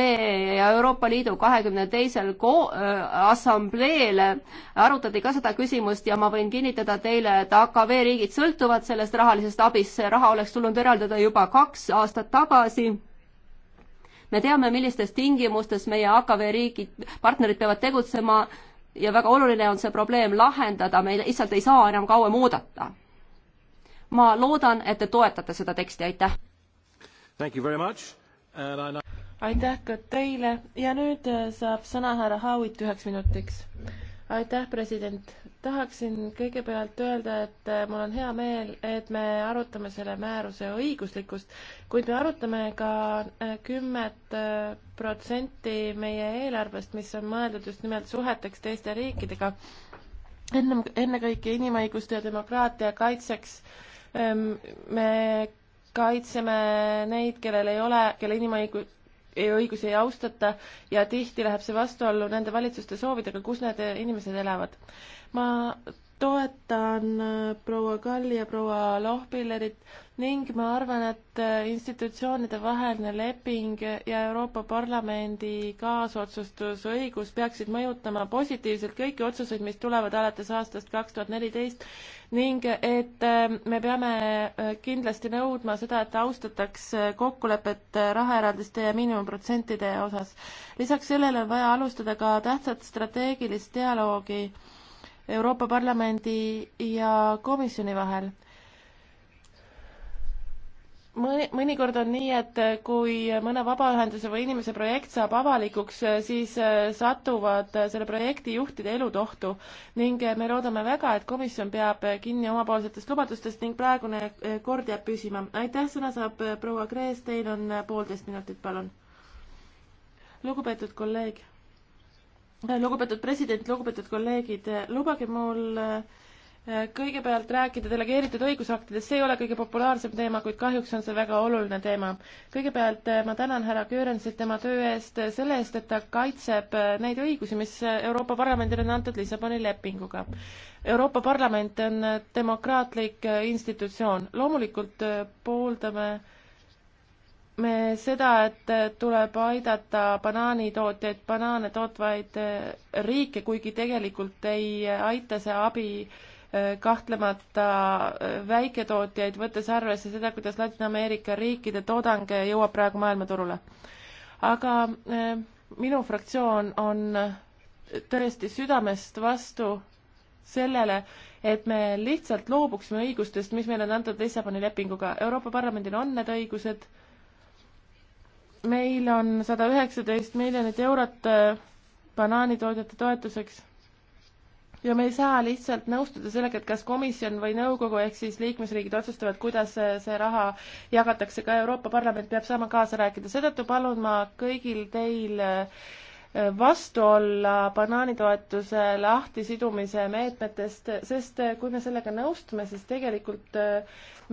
ja Euroopa Liidu kahekümne teisel äh, assambleel arutati ka seda küsimust ja ma võin kinnitada teile, et AKV riigid sõltuvad sellest rahalisest abist, see raha oleks tulnud eraldada juba kaks aastat tagasi me teame, millistes tingimustes meie AKV riigid, partnerid peavad tegutsema ja väga oluline on see probleem lahendada, me lihtsalt ei saa enam kauem oodata. ma loodan, et te toetate seda teksti, aitäh! Thank you very much! aitäh ka teile ja nüüd äh, saab sõna härra Haavit üheks minutiks. aitäh, president. tahaksin kõigepealt öelda, et äh, mul on hea meel, et me arutame selle määruse õiguslikkust, kuid me arutame ka äh, kümmet protsenti meie eelarvest, mis on mõeldud just nimelt suheteks teiste riikidega. ennem, ennekõike inimõiguste ja demokraatia kaitseks ähm, me kaitseme neid, kellel ei ole, kelle inimõigu-, õigusi ei austata ja tihti läheb see vastuollu nende valitsuste soovidega, kus need inimesed elavad. ma toetan äh, proua Kalli ja proua Lohpillerit ning ma arvan, et äh, institutsioonide vaheline leping ja Euroopa Parlamendi kaasotsustusõigus peaksid mõjutama positiivselt kõiki otsuseid, mis tulevad alates aastast kaks tuhat neliteist ning et äh, me peame kindlasti nõudma seda, et austataks kokkulepet rahaeraldiste ja miinimumprotsentide osas. lisaks sellele on vaja alustada ka tähtsat strateegilist dialoogi Euroopa Parlamendi ja komisjoni vahel. mõni, mõnikord on nii, et kui mõne vabaühenduse või inimese projekt saab avalikuks, siis äh, satuvad äh, selle projekti juhtide elud ohtu ning äh, me loodame väga, et komisjon peab kinni omapoolsetest lubadustest ning praegune kord jääb püsima. aitäh, sõna saab proua Krees, teil on poolteist minutit, palun. lugupeetud kolleeg lugupeetud president, lugupeetud kolleegid, lubage mul äh, kõigepealt rääkida delegeeritud õigusaktidest, see ei ole kõige populaarsem teema, kuid kahjuks on see väga oluline teema. kõigepealt äh, ma tänan härra Göransit tema töö eest, äh, selle eest, et ta kaitseb neid õigusi, mis Euroopa Parlamendile on antud Lissaboni lepinguga. Euroopa Parlament on demokraatlik institutsioon, loomulikult pooldame äh, me seda, et tuleb aidata banaanitootjaid, banaane tootvaid eh, riike, kuigi tegelikult ei aita see abi eh, kahtlemata eh, väiketootjaid, võttes arvesse seda, kuidas Ladina-Ameerika riikide toodang jõuab praegu maailmaturule. aga minu fraktsioon on tõesti südamest vastu sellele, et me lihtsalt loobuksime õigustest, mis meile on antud Lissaboni lepinguga. Euroopa Parlamendil on need õigused meil on sada üheksateist miljonit eurot äh, banaanitoodete toetuseks ja me ei saa lihtsalt nõustuda sellega, et kas komisjon või nõukogu ehk siis liikmesriigid otsustavad, kuidas äh, see raha jagatakse, ka Euroopa Parlament peab saama kaasa rääkida, seetõttu palun ma kõigil teil äh, vastu olla banaanitoetuse lahtisidumise meetmetest, sest kui me sellega nõustume, siis tegelikult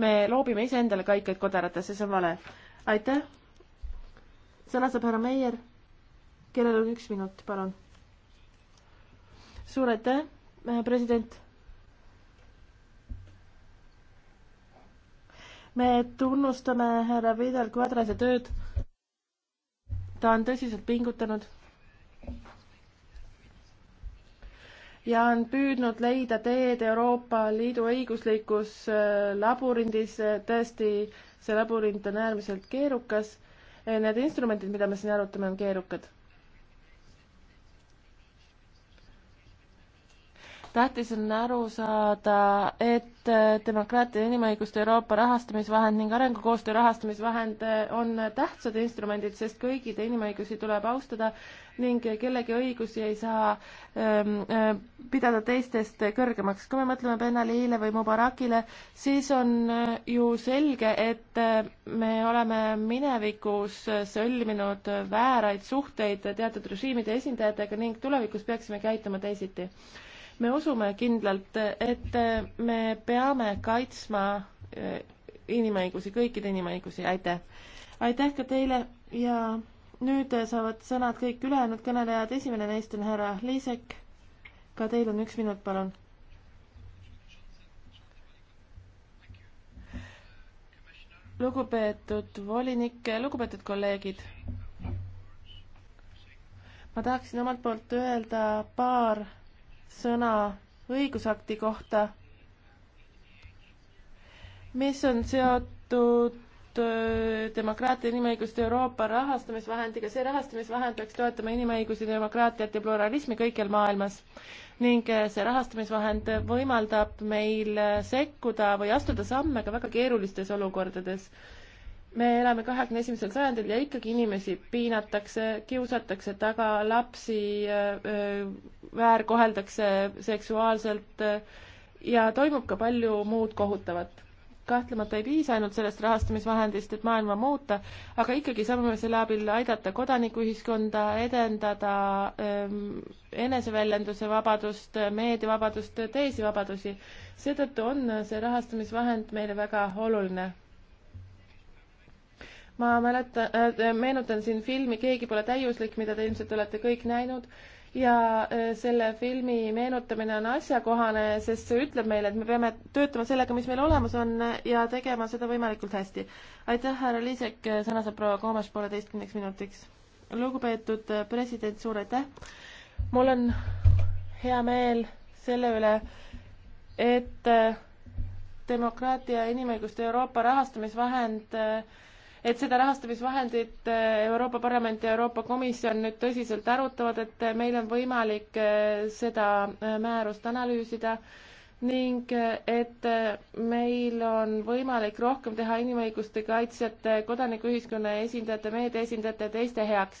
me loobime iseendale kaikaid kodaratesse, see on vale. aitäh! sõna saab härra Meier, kellel on üks minut, palun. suur aitäh, äh, president. me tunnustame härra Vidal Quadrase tööd. ta on tõsiselt pingutanud ja on püüdnud leida teed Euroopa Liidu õiguslikus äh, labürindis. tõesti, see labürint on äärmiselt keerukas need instrumendid, mida me siin arutame, on keerukad tähtis on aru saada, et äh, demokraatia ja inimõiguste Euroopa rahastamisvahend ning arengukoostöö rahastamisvahend äh, on tähtsad instrumendid, sest kõigide inimõigusi tuleb austada ning kellegi õigusi ei saa ähm, äh, pidada teistest kõrgemaks. kui me mõtleme Benaliile või Mubarakile, siis on ju selge, et me oleme minevikus sõlminud vääraid suhteid teatud režiimide esindajatega ning tulevikus peaksime käituma teisiti me usume kindlalt, et me peame kaitsma e, inimõigusi, kõikide inimõigusi, aitäh! aitäh ka teile ja nüüd saavad sõnad kõik ülejäänud kõnelejad, esimene neist on härra Liisek, ka teil on üks minut, palun. lugupeetud volinik, lugupeetud kolleegid ma tahaksin omalt poolt öelda paar sõna õigusakti kohta, mis on seotud äh, demokraatia inimõiguste Euroopa rahastamisvahendiga. see rahastamisvahend peaks toetama inimõigusi, demokraatiat ja pluralismi kõikjal maailmas ning äh, see rahastamisvahend võimaldab meil äh, sekkuda või astuda samme ka väga keerulistes olukordades me elame kahekümne esimesel sajandil ja ikkagi inimesi piinatakse, kiusatakse taga, lapsi väärkoheldakse seksuaalselt ja toimub ka palju muud kohutavat. kahtlemata ei piisa ainult sellest rahastamisvahendist, et maailma muuta, aga ikkagi saame selle abil aidata kodanikuühiskonda, edendada eneseväljenduse vabadust, meediavabadust, teisi vabadusi. seetõttu on see rahastamisvahend meile väga oluline ma mäletan äh, äh,, meenutan siin filmi Keegi pole täiuslik, mida te ilmselt olete kõik näinud ja äh, selle filmi meenutamine on asjakohane, sest see ütleb meile, et me peame töötama sellega, mis meil olemas on äh, ja tegema seda võimalikult hästi. aitäh, härra Liisek, sõna saab proua Koomas pooleteistkümneks minutiks. lugupeetud president, suur aitäh! mul on hea meel selle üle, et demokraatia ja inimõiguste Euroopa rahastamisvahend äh, et seda rahastamisvahendit äh, Euroopa Parlament ja Euroopa Komisjon nüüd tõsiselt arutavad, et äh, meil on võimalik äh, seda määrust analüüsida ning et meil on võimalik rohkem teha inimõiguste kaitsjate, kodanikuühiskonna esindajate, meedia esindajate ja teiste heaks.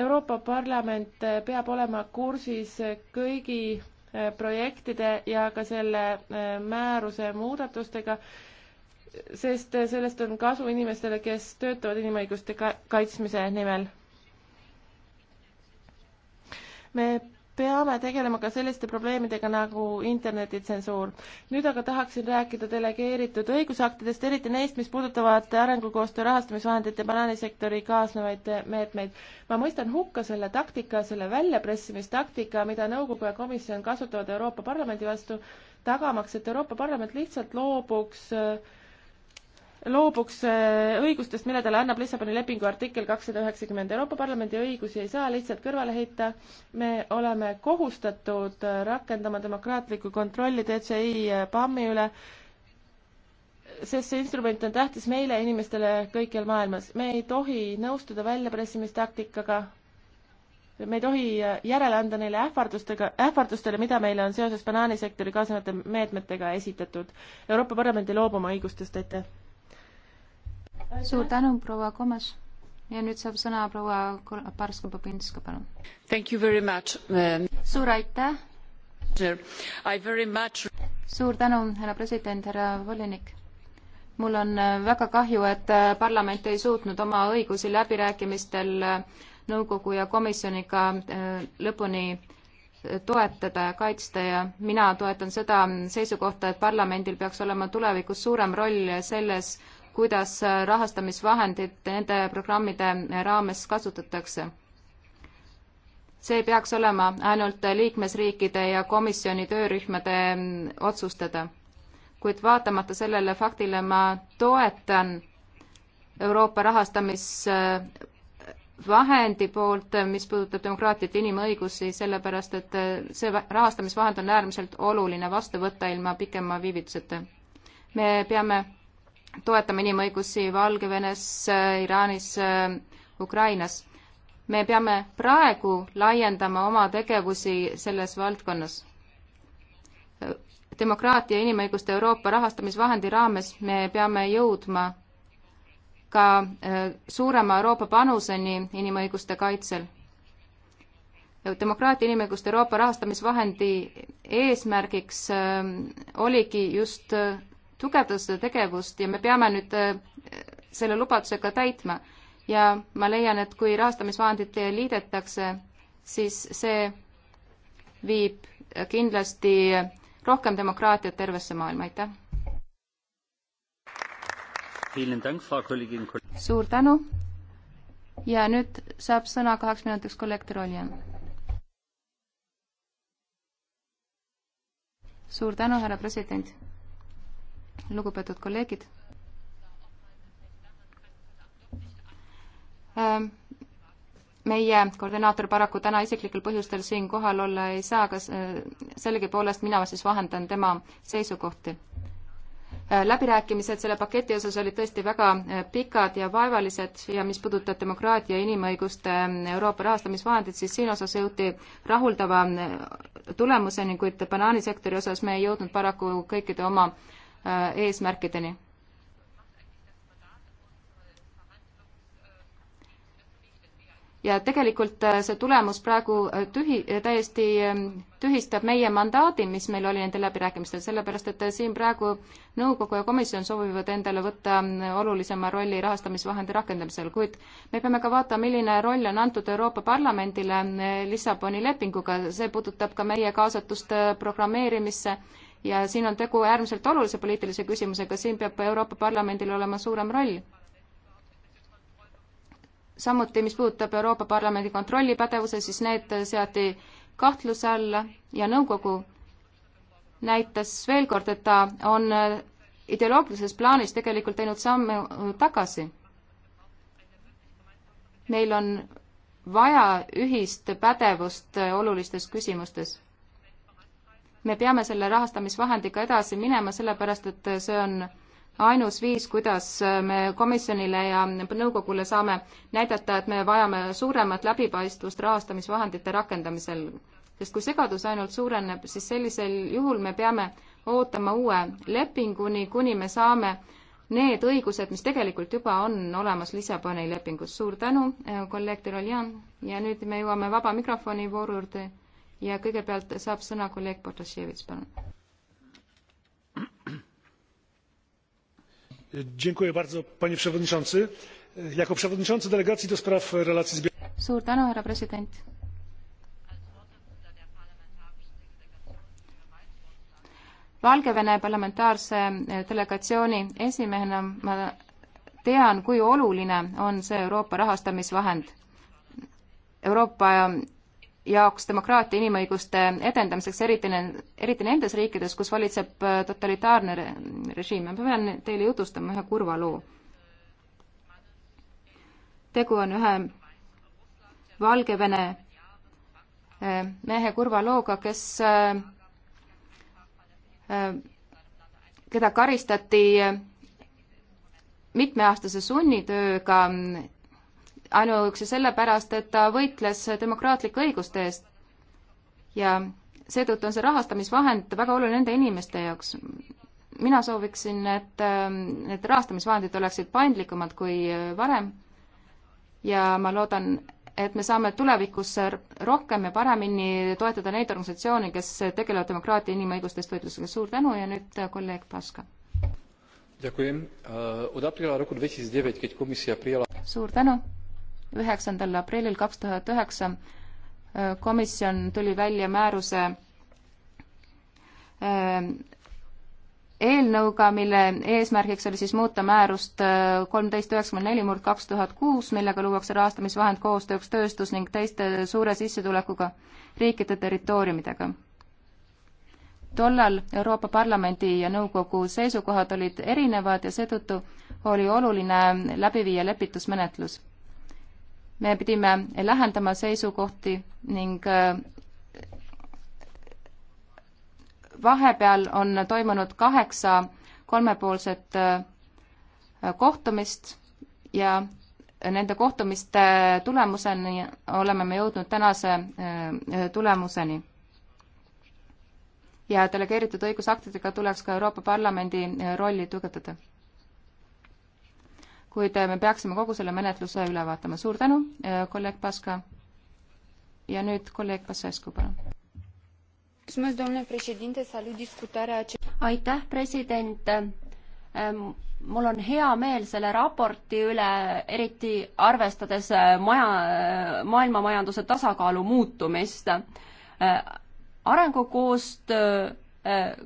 Euroopa Parlament peab olema kursis kõigi projektide ja ka selle määruse muudatustega sest sellest on kasu inimestele, kes töötavad inimõiguste ka kaitsmise nimel. me peame tegelema ka selliste probleemidega nagu internetitsensuur. nüüd aga tahaksin rääkida delegeeritud õigusaktidest, eriti neist, mis puudutavad arengukoostöö rahastamisvahendite ja banaanisektori kaasnevaid meetmeid. ma mõistan hukka selle taktika, selle väljapressimistaktika, mida nõukogu ja komisjon kasutavad Euroopa Parlamendi vastu, tagamaks, et Euroopa Parlament lihtsalt loobuks äh, loobuks äh, õigustest, mille talle annab Lissaboni lepingu artikkel kakssada üheksakümmend. Euroopa Parlamendi õigusi ei saa lihtsalt kõrvale heita. me oleme kohustatud äh, rakendama demokraatlikku kontrolli DCI äh, PAM-i üle, sest see instrument on tähtis meile, inimestele kõikjal maailmas. me ei tohi nõustuda väljapressimistaktikaga, me ei tohi järele anda neile ähvardustega, ähvardustele, mida meile on seoses banaanisektori kaasnevate meetmetega esitatud. Euroopa Parlament ei loobu oma õigustest, aitäh! suur tänu, proua Komes. ja nüüd saab sõna proua Parska-Babinska, palun. Thank you very much um.... suur aitäh. I very much. suur tänu, härra president, härra volinik mul on äh, väga kahju, et äh, parlament ei suutnud oma õigusi läbirääkimistel äh, nõukogu ja komisjoniga lõpuni toetada ja kaitsta ja mina toetan seda seisukohta, et parlamendil peaks olema tulevikus suurem roll selles, kuidas rahastamisvahendid nende programmide raames kasutatakse. see peaks olema ainult liikmesriikide ja komisjoni töörühmade otsustada. kuid vaatamata sellele faktile ma toetan Euroopa rahastamis vahendi poolt, mis puudutab demokraatiat ja inimõigusi, sellepärast et see rahastamisvahend on äärmiselt oluline vastu võtta ilma pikema viivituseta. me peame toetame inimõigusi Valgevenes, Iraanis, Ukrainas. me peame praegu laiendama oma tegevusi selles valdkonnas. demokraatia ja inimõiguste Euroopa rahastamisvahendi raames me peame jõudma ka e, suurema Euroopa panuseni inimõiguste kaitsel. demokraatia inimõiguste Euroopa rahastamisvahendi eesmärgiks e, oligi just tugevdada seda tegevust ja me peame nüüd äh, selle lubaduse ka täitma. ja ma leian, et kui rahastamisvahendid liidetakse, siis see viib kindlasti rohkem demokraatiat tervesse maailma, aitäh! suur tänu ja nüüd saab sõna kaheks minutiks kolleeg Teroljan. suur tänu, härra president! lugupeetud kolleegid. Ähm, meie koordinaator paraku täna isiklikel põhjustel siin kohal olla ei saa, aga äh, sellegipoolest mina siis vahendan tema seisukohti. Äh, läbirääkimised selle paketi osas olid tõesti väga äh, pikad ja vaevalised ja mis puudutab demokraatia ja inimõiguste ähm, Euroopa rahastamisvahendit, siis siin osas jõuti rahuldava tulemuseni, kuid banaanisektori osas me ei jõudnud paraku kõikide oma äh, Äh, eesmärkideni. ja tegelikult äh, see tulemus praegu äh, tühi, täiesti ähm, tühistab meie mandaadi, mis meil oli nendel läbirääkimistel, sellepärast et siin praegu nõukogu ja komisjon soovivad endale võtta mm, olulisema rolli rahastamisvahendi rakendamisel, kuid me peame ka vaatama, milline roll on antud Euroopa Parlamendile Lissaboni lepinguga, see puudutab ka meie kaasatust programmeerimisse ja siin on tegu äärmiselt olulise poliitilise küsimusega, siin peab Euroopa Parlamendil olema suurem roll. samuti, mis puudutab Euroopa Parlamendi kontrollipädevuse, siis need seati kahtluse alla ja nõukogu näitas veel kord, et ta on ideoloogilises plaanis tegelikult teinud samme tagasi. meil on vaja ühist pädevust olulistes küsimustes me peame selle rahastamisvahendiga edasi minema, sellepärast et see on ainus viis, kuidas me komisjonile ja nõukogule saame näidata, et me vajame suuremat läbipaistvust rahastamisvahendite rakendamisel. sest kui segadus ainult suureneb, siis sellisel juhul me peame ootama uue lepinguni, kuni me saame need õigused, mis tegelikult juba on olemas Lissaboni lepingus. suur tänu, kolleeg Tiroljan ja nüüd me jõuame vaba mikrofoni vooru juurde ja kõigepealt saab sõna kolleeg Potaševitš, palun. Dziękuję bardzo, panie przewodniczący. Jako przewodniczący delegacji do spraw relacji z Suur tänu, härra president. Valgevene parlamentaarse eh, delegatsiooni esimehena ma tean, kui oluline on see Euroopa rahastamisvahend Euroopa jaoks demokraatia inimõiguste edendamiseks, eriti, eriti nendes riikides, kus valitseb äh, totalitaarne režiim. ma pean teile jutustama ühe kurva loo. tegu on ühe Valgevene äh, mehe kurva looga, kes, äh, keda karistati mitmeaastase sunnitööga ainuüksi sellepärast, et ta võitles demokraatlike õiguste eest. ja seetõttu on see rahastamisvahend väga oluline nende inimeste jaoks. mina sooviksin, et ähm, need rahastamisvahendid oleksid paindlikumad kui äh, varem ja ma loodan, et me saame tulevikus rohkem ja paremini toetada neid organisatsioone, kes tegelevad demokraatia inimõiguste eest võitlusega. suur tänu ja nüüd äh, kolleeg Paska. Äh, suur tänu üheksandal aprillil kaks tuhat üheksa äh, komisjon tuli välja määruse äh, eelnõuga, mille eesmärgiks oli siis muuta määrust äh, kolmteist üheksakümmend neli murd kaks tuhat kuus, millega luuakse rahastamisvahend koostööks tööstus ning teiste suure sissetulekuga riikide territooriumidega. tollal Euroopa Parlamendi ja Nõukogu seisukohad olid erinevad ja seetõttu oli oluline läbi viia lepitusmenetlus me pidime lähendama seisukohti ning äh, vahepeal on toimunud kaheksa kolmepoolset äh, kohtumist ja nende kohtumiste tulemuseni oleme me jõudnud tänase äh, tulemuseni. ja delegeeritud õigusaktidega tuleks ka Euroopa Parlamendi rolli tugevdada kuid äh, me peaksime kogu selle menetluse üle vaatama. suur tänu, äh, kolleeg Paska. ja nüüd kolleeg Pasescu, palun. aitäh, president. Ähm, mul on hea meel selle raporti üle, eriti arvestades äh, maja, maailmamajanduse tasakaalu muutumist arengukoostöö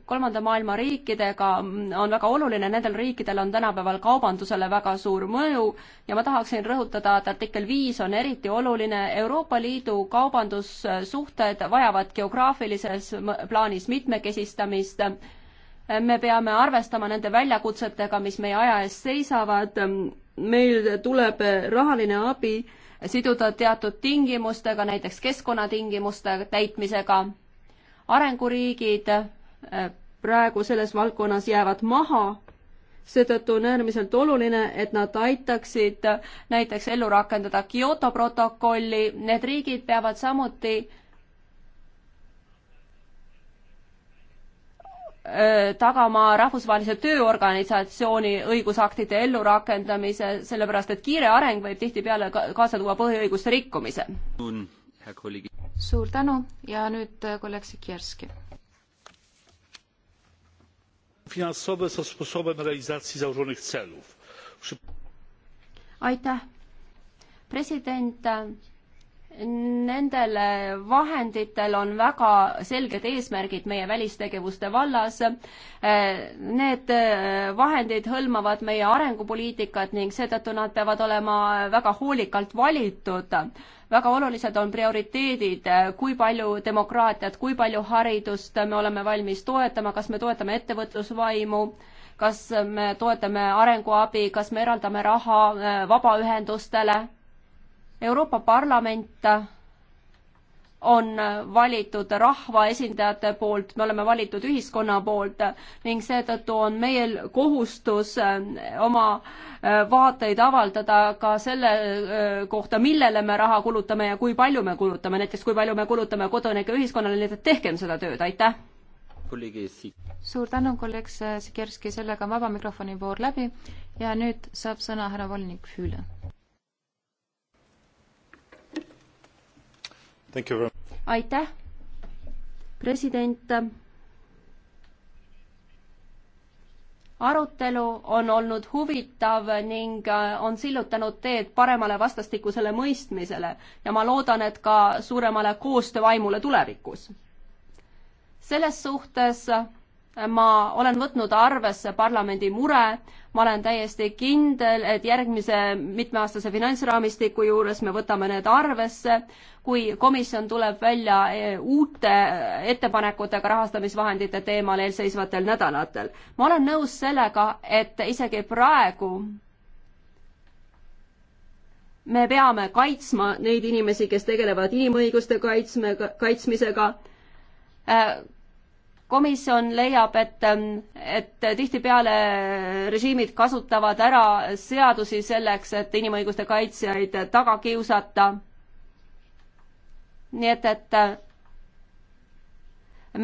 kolmanda maailma riikidega on väga oluline, nendel riikidel on tänapäeval kaubandusele väga suur mõju ja ma tahaksin rõhutada, et artikkel viis on eriti oluline. Euroopa Liidu kaubandussuhted vajavad geograafilises plaanis mitmekesistamist. me peame arvestama nende väljakutsetega, mis meie aja ees seisavad. meil tuleb rahaline abi siduda teatud tingimustega, näiteks keskkonnatingimuste täitmisega arenguriigid Äh, praegu selles valdkonnas jäävad maha. seetõttu on äärmiselt oluline, et nad aitaksid näiteks ellu rakendada Kyoto protokolli, need riigid peavad samuti äh, tagama rahvusvahelise tööorganisatsiooni õigusaktide ellurakendamise, sellepärast et kiire areng võib tihtipeale kaasa tuua põhiõiguste rikkumise. suur tänu ja nüüd äh, kolleeg Sikierski finansowe są sposobem realizacji założonych celów. aitäh president Nendel vahenditel on väga selged eesmärgid meie välistegevuste vallas. Äh, need äh, vahendid hõlmavad meie arengupoliitikat ning seetõttu nad peavad olema väga hoolikalt valitud. väga olulised on prioriteedid, äh, kui palju demokraatiat, kui palju haridust me oleme valmis toetama, kas me toetame ettevõtlusvaimu kas me toetame arenguabi, kas me eraldame raha vabaühendustele Euroopa Parlament on valitud rahvaesindajate poolt, me oleme valitud ühiskonna poolt ning seetõttu on meil kohustus eh, oma eh, vaateid avaldada ka selle eh, kohta, millele me raha kulutame ja kui palju me kulutame, näiteks kui palju me kulutame kodanike ühiskonnale, nii et tehkem seda tööd, aitäh! suur tänu, kolleeg Sikerski, sellega on vaba mikrofoni voor läbi ja nüüd saab sõna härra volinik Füüle aitäh, president. arutelu on olnud huvitav ning äh, on sillutanud teed paremale vastastikusele mõistmisele ja ma loodan, et ka suuremale koostöövaimule tulevikus. selles suhtes ma olen võtnud arvesse parlamendi mure, ma olen täiesti kindel, et järgmise mitmeaastase finantsraamistiku juures me võtame need arvesse, kui komisjon tuleb välja e, uute ettepanekutega rahastamisvahendite teemal eelseisvatel nädalatel. ma olen nõus sellega, et isegi praegu me peame kaitsma neid inimesi, kes tegelevad inimõiguste kaitsme, kaitsmisega, äh, komisjon leiab, et, ähm, et tihtipeale režiimid kasutavad ära seadusi selleks, et inimõiguste kaitsjaid taga kiusata. nii et, et äh,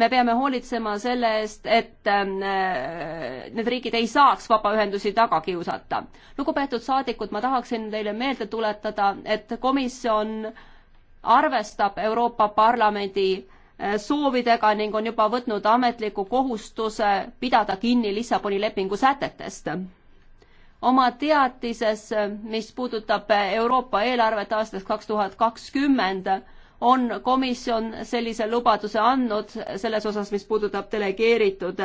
me peame hoolitsema selle eest, et ähm, äh, need riigid ei saaks vabaühendusi taga kiusata. lugupeetud saadikud, ma tahaksin teile meelde tuletada, et komisjon arvestab Euroopa Parlamendi Äh, soovidega ning on juba võtnud ametliku kohustuse pidada kinni Lissaboni lepingu sätetest. oma teatises, mis puudutab Euroopa eelarvet aastast kaks tuhat kakskümmend, on komisjon sellise lubaduse andnud selles osas, mis puudutab delegeeritud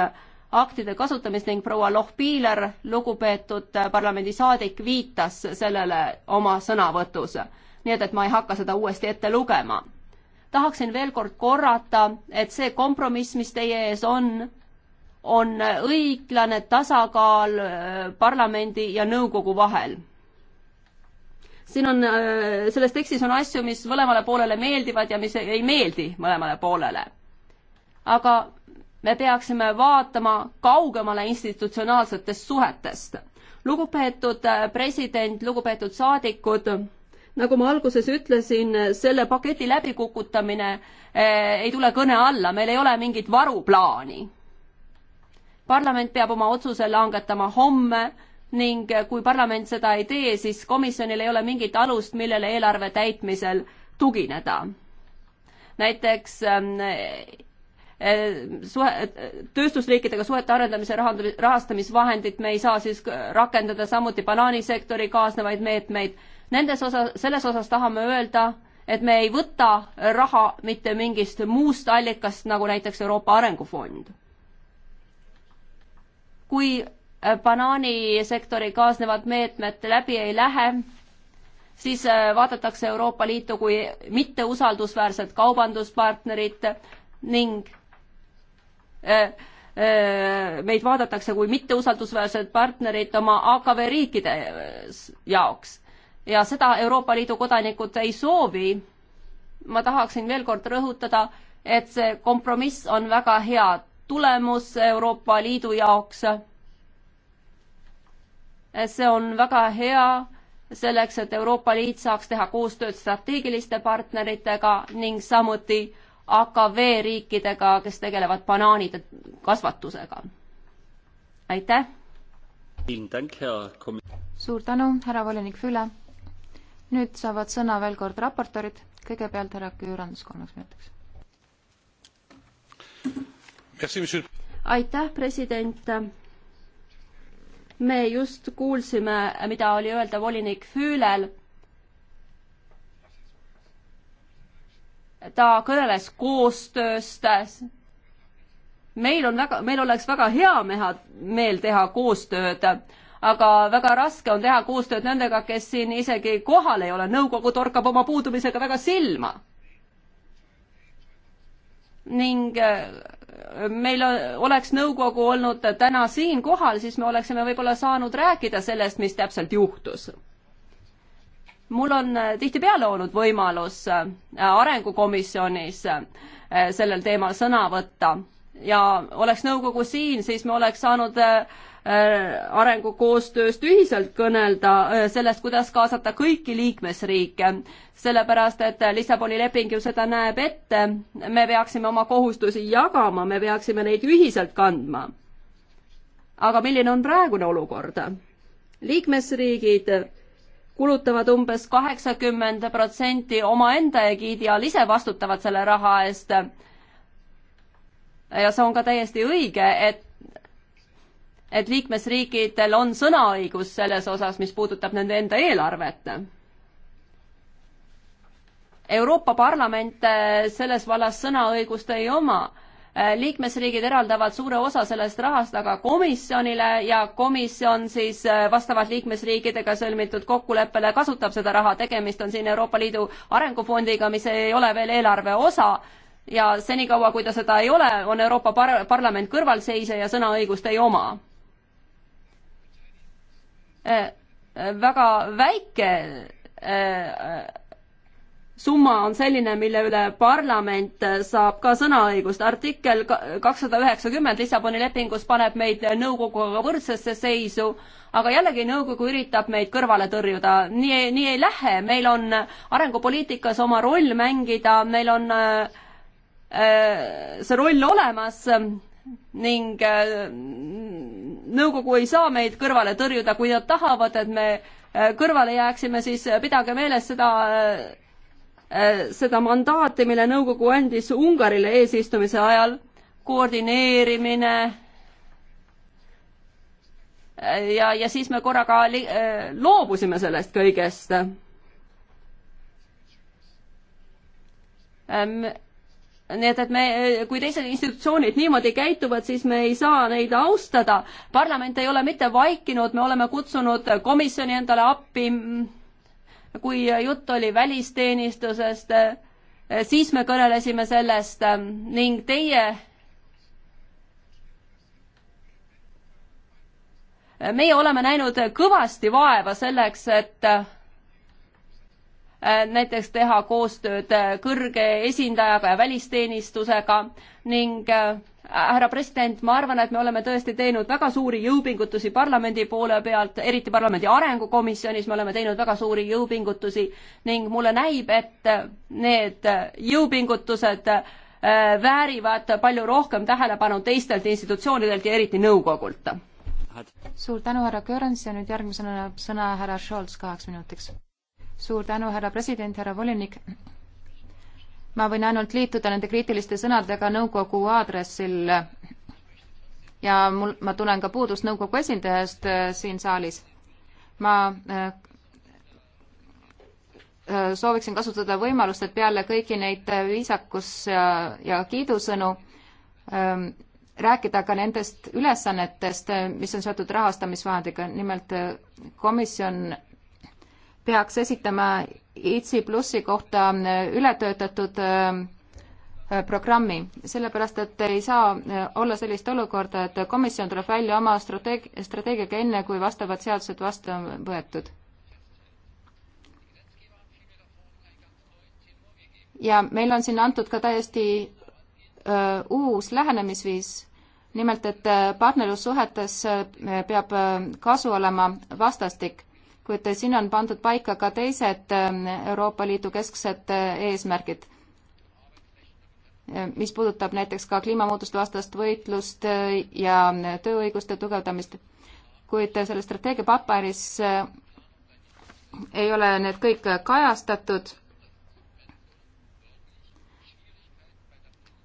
aktide kasutamist ning proua Lohpiiler, lugupeetud parlamendisaadik, viitas sellele oma sõnavõtus. nii et, et ma ei hakka seda uuesti ette lugema tahaksin veel kord korrata, et see kompromiss, mis teie ees on, on õiglane tasakaal äh, parlamendi ja nõukogu vahel. siin on, äh, selles tekstis on asju, mis mõlemale poolele meeldivad ja mis ei meeldi mõlemale poolele. aga me peaksime vaatama kaugemale institutsionaalsetest suhetest. lugupeetud äh, president, lugupeetud saadikud nagu ma alguses ütlesin, selle paketi läbikukutamine eh, ei tule kõne alla, meil ei ole mingit varuplaani. parlament peab oma otsuse langetama homme ning kui parlament seda ei tee, siis komisjonil ei ole mingit alust, millele eelarve täitmisel tugineda. näiteks ähm, eh, suhe, tööstusriikidega suhete arendamise rahandus, rahastamisvahendit me ei saa siis rakendada, samuti banaanisektori kaasnevaid meetmeid nendes osa, selles osas tahame öelda, et me ei võta raha mitte mingist muust allikast, nagu näiteks Euroopa Arengufond. kui äh, banaanisektori kaasnevad meetmed läbi ei lähe, siis äh, vaadatakse Euroopa Liitu kui mitteusaldusväärset kaubanduspartnerit ning äh, meid vaadatakse kui mitteusaldusväärset partnerit oma AKV riikide jaoks ja seda Euroopa Liidu kodanikud ei soovi. ma tahaksin veel kord rõhutada, et see kompromiss on väga hea tulemus Euroopa Liidu jaoks. see on väga hea selleks, et Euroopa Liit saaks teha koostööd strateegiliste partneritega ning samuti AKV riikidega, kes tegelevad banaanide kasvatusega. aitäh! suur tänu, härra volinik Füle! nüüd saavad sõna veel kord raportorid, kõigepealt härra Küürandus kolmeks minutiks. aitäh, president. me just kuulsime, mida oli öelda volinik Füülel. ta kõneles koostööst. meil on väga, meil oleks väga hea meha, meel teha koostööd aga väga raske on teha koostööd nendega, kes siin isegi kohal ei ole, nõukogu torkab oma puudumisega väga silma. ning äh, meil oleks nõukogu olnud täna siin kohal, siis me oleksime võib-olla saanud rääkida sellest, mis täpselt juhtus mul on äh, tihtipeale olnud võimalus äh, arengukomisjonis sellel teemal sõna võtta ja oleks nõukogu siin, siis me oleks saanud Äh, arengukoostööst ühiselt kõnelda, äh, sellest, kuidas kaasata kõiki liikmesriike, sellepärast et Lissaboni leping ju seda näeb ette, me peaksime oma kohustusi jagama, me peaksime neid ühiselt kandma. aga milline on praegune olukord? liikmesriigid kulutavad umbes kaheksakümmend protsenti omaenda egiidi all, ise vastutavad selle raha eest. ja see on ka täiesti õige, et et liikmesriikidel on sõnaõigus selles osas, mis puudutab nende enda eelarvet. Euroopa Parlament eh, selles vallas sõnaõigust ei oma eh, liikmesriigid eraldavad suure osa sellest rahast aga komisjonile ja komisjon siis eh, vastavalt liikmesriikidega sõlmitud kokkuleppele kasutab seda raha, tegemist on siin Euroopa Liidu arengufondiga, mis ei ole veel eelarve osa ja senikaua, kui ta seda ei ole, on Euroopa par Parlament kõrvalseisja ja sõnaõigust ei oma väga väike äh, äh, summa on selline, mille üle parlament saab ka sõnaõigust. artikkel kakssada üheksakümmend Lissaboni lepingus paneb meid nõukoguga võrdsesse seisu, aga jällegi nõukogu üritab meid kõrvale tõrjuda. nii, nii ei lähe, meil on arengupoliitikas oma roll mängida, meil on äh, äh see roll olemas ning äh, nõukogu ei saa meid kõrvale tõrjuda, kui nad tahavad, et me äh, kõrvale jääksime, siis äh, pidage meeles seda, seda mandaati, mille nõukogu andis Ungarile eesistumise ajal, koordineerimine ja, ja siis me korraga loobusime sellest kõigest nii et, et me, kui teised institutsioonid niimoodi käituvad, siis me ei saa neid austada. parlament ei ole mitte vaikinud, me oleme kutsunud komisjoni endale appi. kui jutt oli välisteenistusest, siis me kõnelesime sellest ning teie meie oleme näinud kõvasti vaeva selleks, et Äh, näiteks teha koostööd äh, kõrge esindajaga ja välisteenistusega ning äh, härra president, ma arvan, et me oleme tõesti teinud väga suuri jõupingutusi parlamendi poole pealt, eriti parlamendi arengukomisjonis me oleme teinud väga suuri jõupingutusi ning mulle näib, et need jõupingutused väärivad palju rohkem tähelepanu teistelt institutsioonidelt ja eriti nõukogult. suur tänu, härra Görans ja nüüd järgmisena sõna härra Scholz kaheks minutiks suur tänu, härra president, härra volinik. ma võin ainult liituda nende kriitiliste sõnadega nõukogu aadressil ja mul, ma tunnen ka puudust nõukogu esindajast äh, siin saalis. ma äh, äh, sooviksin kasutada võimalust, et peale kõiki neid viisakus- ja, ja kiidusõnu ähm, rääkida ka nendest ülesannetest, mis on seotud rahastamisvahendiga, nimelt komisjon peaks esitama ITSI plussi kohta äh, ületöötatud äh, äh, programmi, sellepärast et ei saa olla sellist olukorda, et komisjon tuleb välja oma strateeg-, strateegiaga enne, kui vastavad seadused vastu on võetud. ja meil on siin antud ka täiesti öö, uus lähenemisviis, nimelt et partnerlussuhetes peab kasu olema vastastik kuid siin on pandud paika ka teised ähm, Euroopa Liidu kesksed äh, eesmärgid, äh, mis puudutab näiteks ka kliimamuutuste vastast võitlust äh, ja tööõiguste tugevdamist. kuid selles strateegia paberis ei ole need kõik kajastatud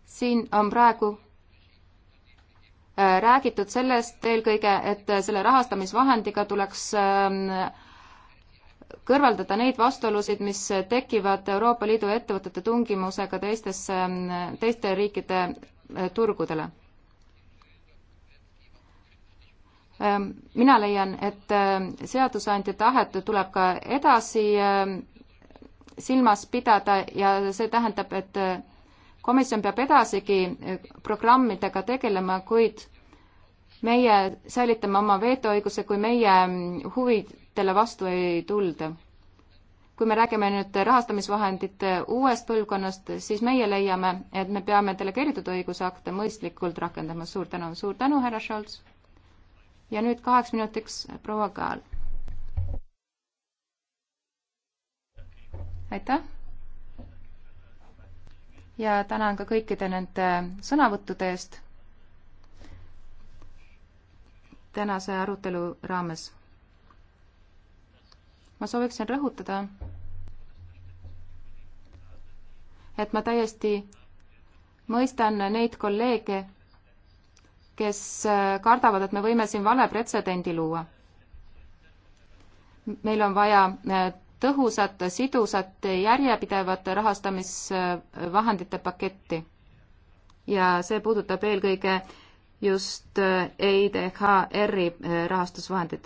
siin on praegu räägitud sellest eelkõige, et selle rahastamisvahendiga tuleks ähm, kõrvaldada neid vastuolusid, mis tekivad Euroopa Liidu ettevõtete tungimusega teistesse, teiste riikide äh, turgudele. Ähm, mina leian, et äh, seadusandja tahet tuleb ka edasi äh, silmas pidada ja see tähendab, et komisjon peab edasigi programmidega tegelema, kuid meie säilitame oma vetoõiguse, kui meie mm, huvidele vastu ei tulda. kui me räägime nüüd rahastamisvahendite uuest põlvkonnast, siis meie leiame, et me peame delegeeritud õigusakte mõistlikult rakendama. suur tänu, suur tänu, härra Scholz. ja nüüd kaheks minutiks proua Kaal. aitäh. ja tänan ka kõikide nende sõnavõttude eest tänase arutelu raames. ma sooviksin rõhutada, et ma täiesti mõistan neid kolleege, kes kardavad, et me võime siin vale pretsedendi luua. meil on vaja eh, tõhusat, sidusat, järjepidevat rahastamisvahendite paketti. ja see puudutab eelkõige just äh, EIDHR-i äh, rahastusvahendid.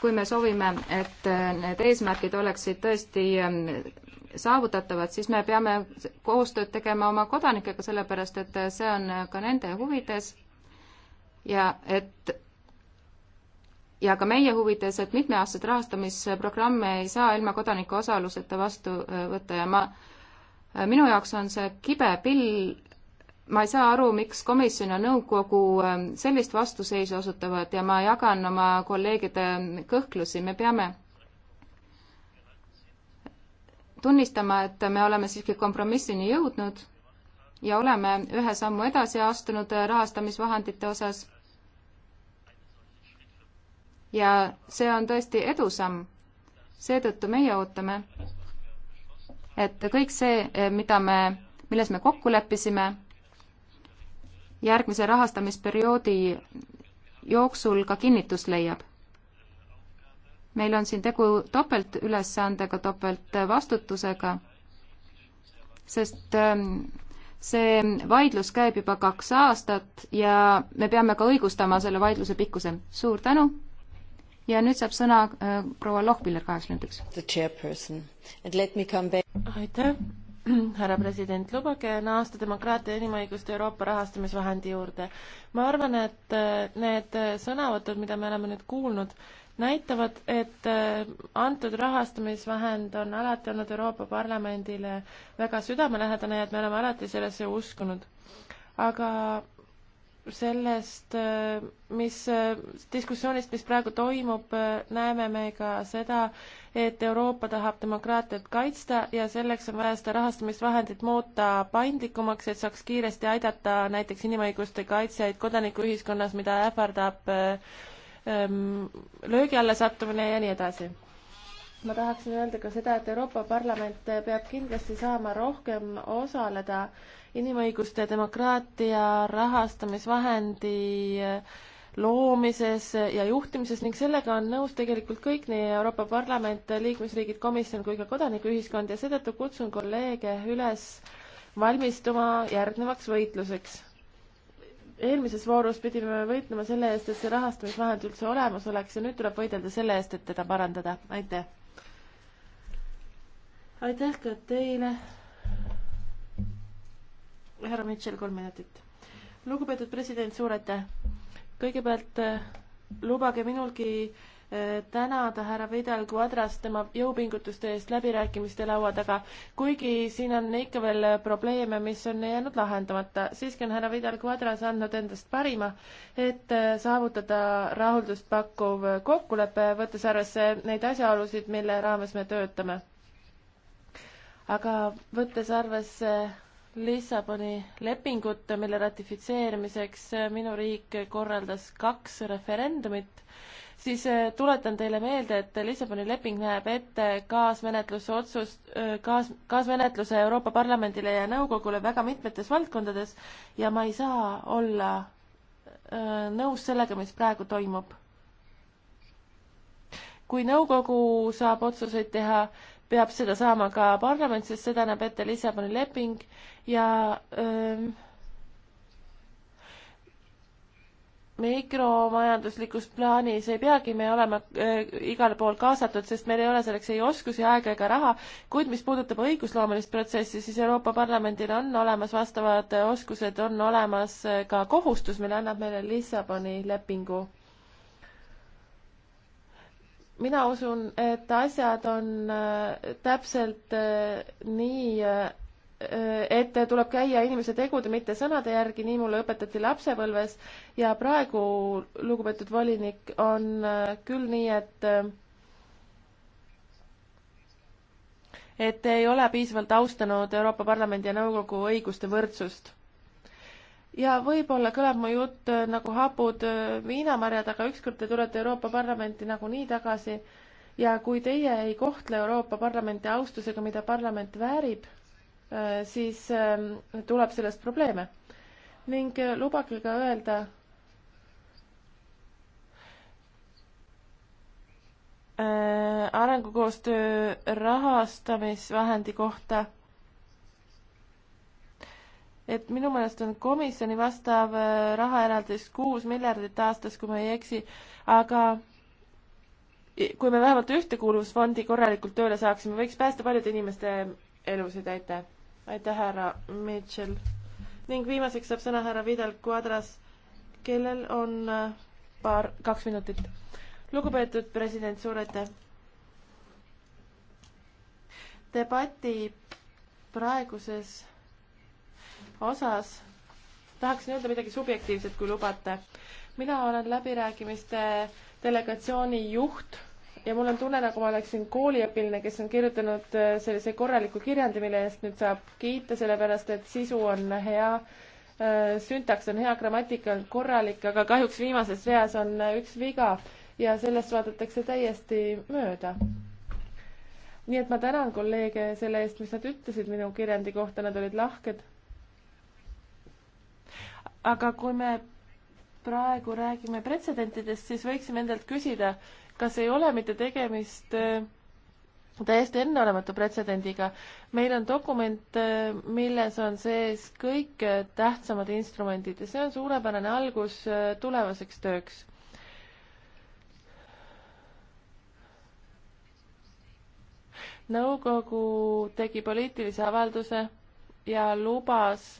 kui me soovime, et äh, need eesmärgid oleksid tõesti ähm, saavutatavad, siis me peame koostööd tegema oma kodanikega, sellepärast et see on ka nende huvides ja et ja ka meie huvides, et mitmeaastaseid rahastamisprogramme ei saa ilma kodanike osaluseta vastu võtta ja ma, minu jaoks on see kibe pill ma ei saa aru, miks komisjon ja nõukogu ähm, sellist vastuseisu osutavad ja ma jagan oma kolleegide kõhklusi, me peame tunnistama, et me oleme siiski kompromissini jõudnud ja oleme ühe sammu edasi astunud äh, rahastamisvahendite osas. ja see on tõesti edusamm. seetõttu meie ootame, et kõik see, äh, mida me, milles me kokku leppisime järgmise rahastamisperioodi jooksul ka kinnitust leiab. meil on siin tegu topeltülesandega, topeltvastutusega, sest ähm, see vaidlus käib juba kaks aastat ja me peame ka õigustama selle vaidluse pikkuse. suur tänu ja nüüd saab sõna äh, proua Lohpiller kaheks minutiks. aitäh, härra president, lubage naasta demokraatia ja inimõiguste Euroopa rahastamisvahendi juurde. ma arvan, et äh, need äh, sõnavõtud, mida me oleme nüüd kuulnud, näitavad, et äh, antud rahastamisvahend on alati olnud Euroopa Parlamendile väga südamelähedane ja et me oleme alati sellesse uskunud. aga sellest, äh, mis äh, diskussioonist, mis praegu toimub, äh, näeme me ka seda, et Euroopa tahab demokraatiat kaitsta ja selleks on vaja seda rahastamisvahendit muuta paindlikumaks, et saaks kiiresti aidata näiteks inimõiguste kaitsjaid kodanikuühiskonnas, mida ähvardab ähm, löögi alla sattumine ja nii edasi ma tahaksin öelda ka seda, et Euroopa Parlament peab kindlasti saama rohkem osaleda äh, inimõiguste demokraatia rahastamisvahendi loomises ja juhtimises ning sellega on nõus tegelikult kõik nii Euroopa Parlament, liikmesriigid, komisjon kui ka kodanikuühiskond ja seetõttu kutsun kolleege üles valmistuma järgnevaks võitluseks. eelmises voorus pidime võitlema selle eest, et see rahastamisvahend üldse olemas oleks ja nüüd tuleb võidelda selle eest, et teda parandada. aitäh! aitäh ka teile! härra Mitchell, kolm minutit. lugupeetud president, suur aitäh! kõigepealt äh, lubage minulgi äh, tänada härra Vidal Quadras tema jõupingutuste eest läbirääkimiste laua taga, kuigi siin on ikka veel äh, probleeme, mis on jäänud lahendamata. siiski on härra Vidal Quadras andnud endast parima, et saavutada rahuldust pakkuv kokkulepe, võttes arvesse neid asjaolusid, mille raames me töötame. aga võttes arvesse Lissaboni lepingut, mille ratifitseerimiseks minu riik korraldas kaks referendumit, siis äh, tuletan teile meelde, et Lissaboni leping näeb ette kaasmenetluse otsust, äh, kaas, kaasmenetluse Euroopa Parlamendile ja nõukogule väga mitmetes valdkondades ja ma ei saa olla äh, nõus sellega, mis praegu toimub. kui nõukogu saab otsuseid teha, peab seda saama ka parlament, sest seda näeb ette Lissaboni leping ja öö, ähm, mikromajanduslikus plaanis ei peagi me olema äh, igal pool kaasatud, sest meil ei ole selleks ei oskusi, aega ega raha, kuid mis puudutab õigusloomelist protsessi, siis Euroopa Parlamendil on olemas vastavad oskused, on olemas äh, ka kohustus, mille annab meile Lissaboni lepingu mina usun, et asjad on äh, täpselt äh, nii, äh, et tuleb käia inimese tegude, mitte sõnade järgi, nii mulle õpetati lapsepõlves ja praegu, lugupeetud volinik, on küll nii, et et ei ole piisavalt austanud Euroopa Parlamendi ja Nõukogu õiguste võrdsust ja võib-olla kõlab mu jutt äh, nagu hapud viinamarjad, äh, aga ükskord te tulete Euroopa Parlamenti nagunii tagasi ja kui teie ei kohtle Euroopa Parlamenti austusega, mida parlament väärib, äh, siis ähm, tuleb sellest probleeme. ning lubage ka öelda, arengukoostöö rahastamisvahendi kohta et minu meelest on komisjoni vastav äh, rahaeraldis kuus miljardit aastas, kui ma ei eksi, aga kui me vähemalt ühtekuuluvusfondi korralikult tööle saaksime, võiks päästa paljude inimeste elusid, aitäh. aitäh, härra Mitchell. ning viimaseks saab sõna härra Vidal Quadras, kellel on äh, paar, kaks minutit. lugupeetud president, suur aitäh. debati praeguses osas tahaksin öelda midagi subjektiivset, kui lubate. mina olen läbirääkimiste delegatsiooni juht ja mul on tunne, nagu ma oleksin kooliõpilane, kes on kirjutanud äh, sellise korraliku kirjandi, mille eest nüüd saab kiita, sellepärast et sisu on hea, äh, süntaks on hea, grammatika on korralik, aga kahjuks viimases reas on äh, üks viga ja sellest vaadatakse täiesti mööda. nii et ma tänan kolleege selle eest, mis nad ütlesid minu kirjandi kohta, nad olid lahked aga kui me praegu räägime pretsedentidest, siis võiksime endalt küsida, kas ei ole mitte tegemist äh, täiesti enneolematu pretsedendiga. meil on dokument, äh, milles on sees kõik äh, tähtsamad instrumendid ja see on suurepärane algus tulevaseks tööks. nõukogu tegi poliitilise avalduse ja lubas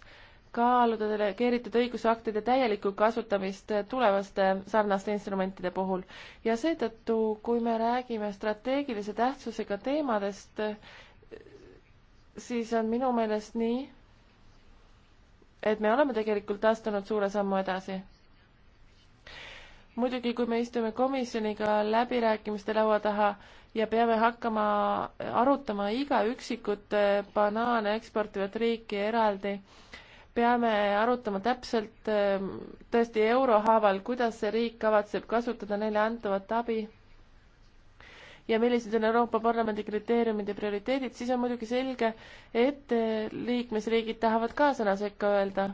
kaaluda delegeeritud õigusaktide täielikku kasutamist tulevaste sarnaste instrumentide puhul. ja seetõttu, kui me räägime strateegilise tähtsusega teemadest, siis on minu meelest nii, et me oleme tegelikult astunud suure sammu edasi muidugi, kui me istume komisjoniga läbirääkimiste laua taha ja peame hakkama arutama iga üksikut banaane eksportivat riiki eraldi, peame arutama täpselt ähm, tõesti eurohaaval, kuidas see riik kavatseb kasutada neile antavat abi ja millised on Euroopa Parlamendi kriteeriumid ja prioriteedid, siis on muidugi selge, et äh, liikmesriigid tahavad ka sõna sekka öelda.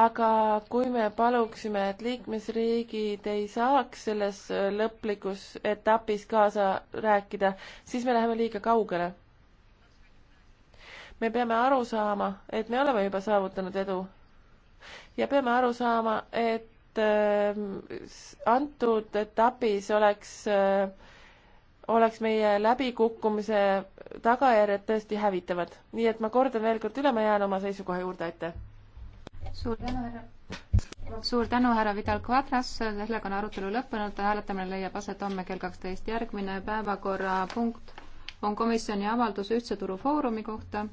aga kui me paluksime, et liikmesriigid ei saaks selles äh, lõplikus etapis kaasa rääkida, siis me läheme liiga kaugele me peame aru saama, et me oleme juba saavutanud edu. ja peame aru saama, et äh, antud etapis oleks äh,, oleks meie läbikukkumise tagajärjed tõesti hävitavad. nii et ma kordan veel kord üle, ma jään oma seisukoha juurde, aitäh. suur tänu, härra. suur tänu, härra Vidal Quadras, sellega on arutelu lõppenud, hääletamine leiab aset homme kell kaksteist, järgmine päevakorrapunkt on komisjoni avaldus Ühtse Turu Foorumi kohta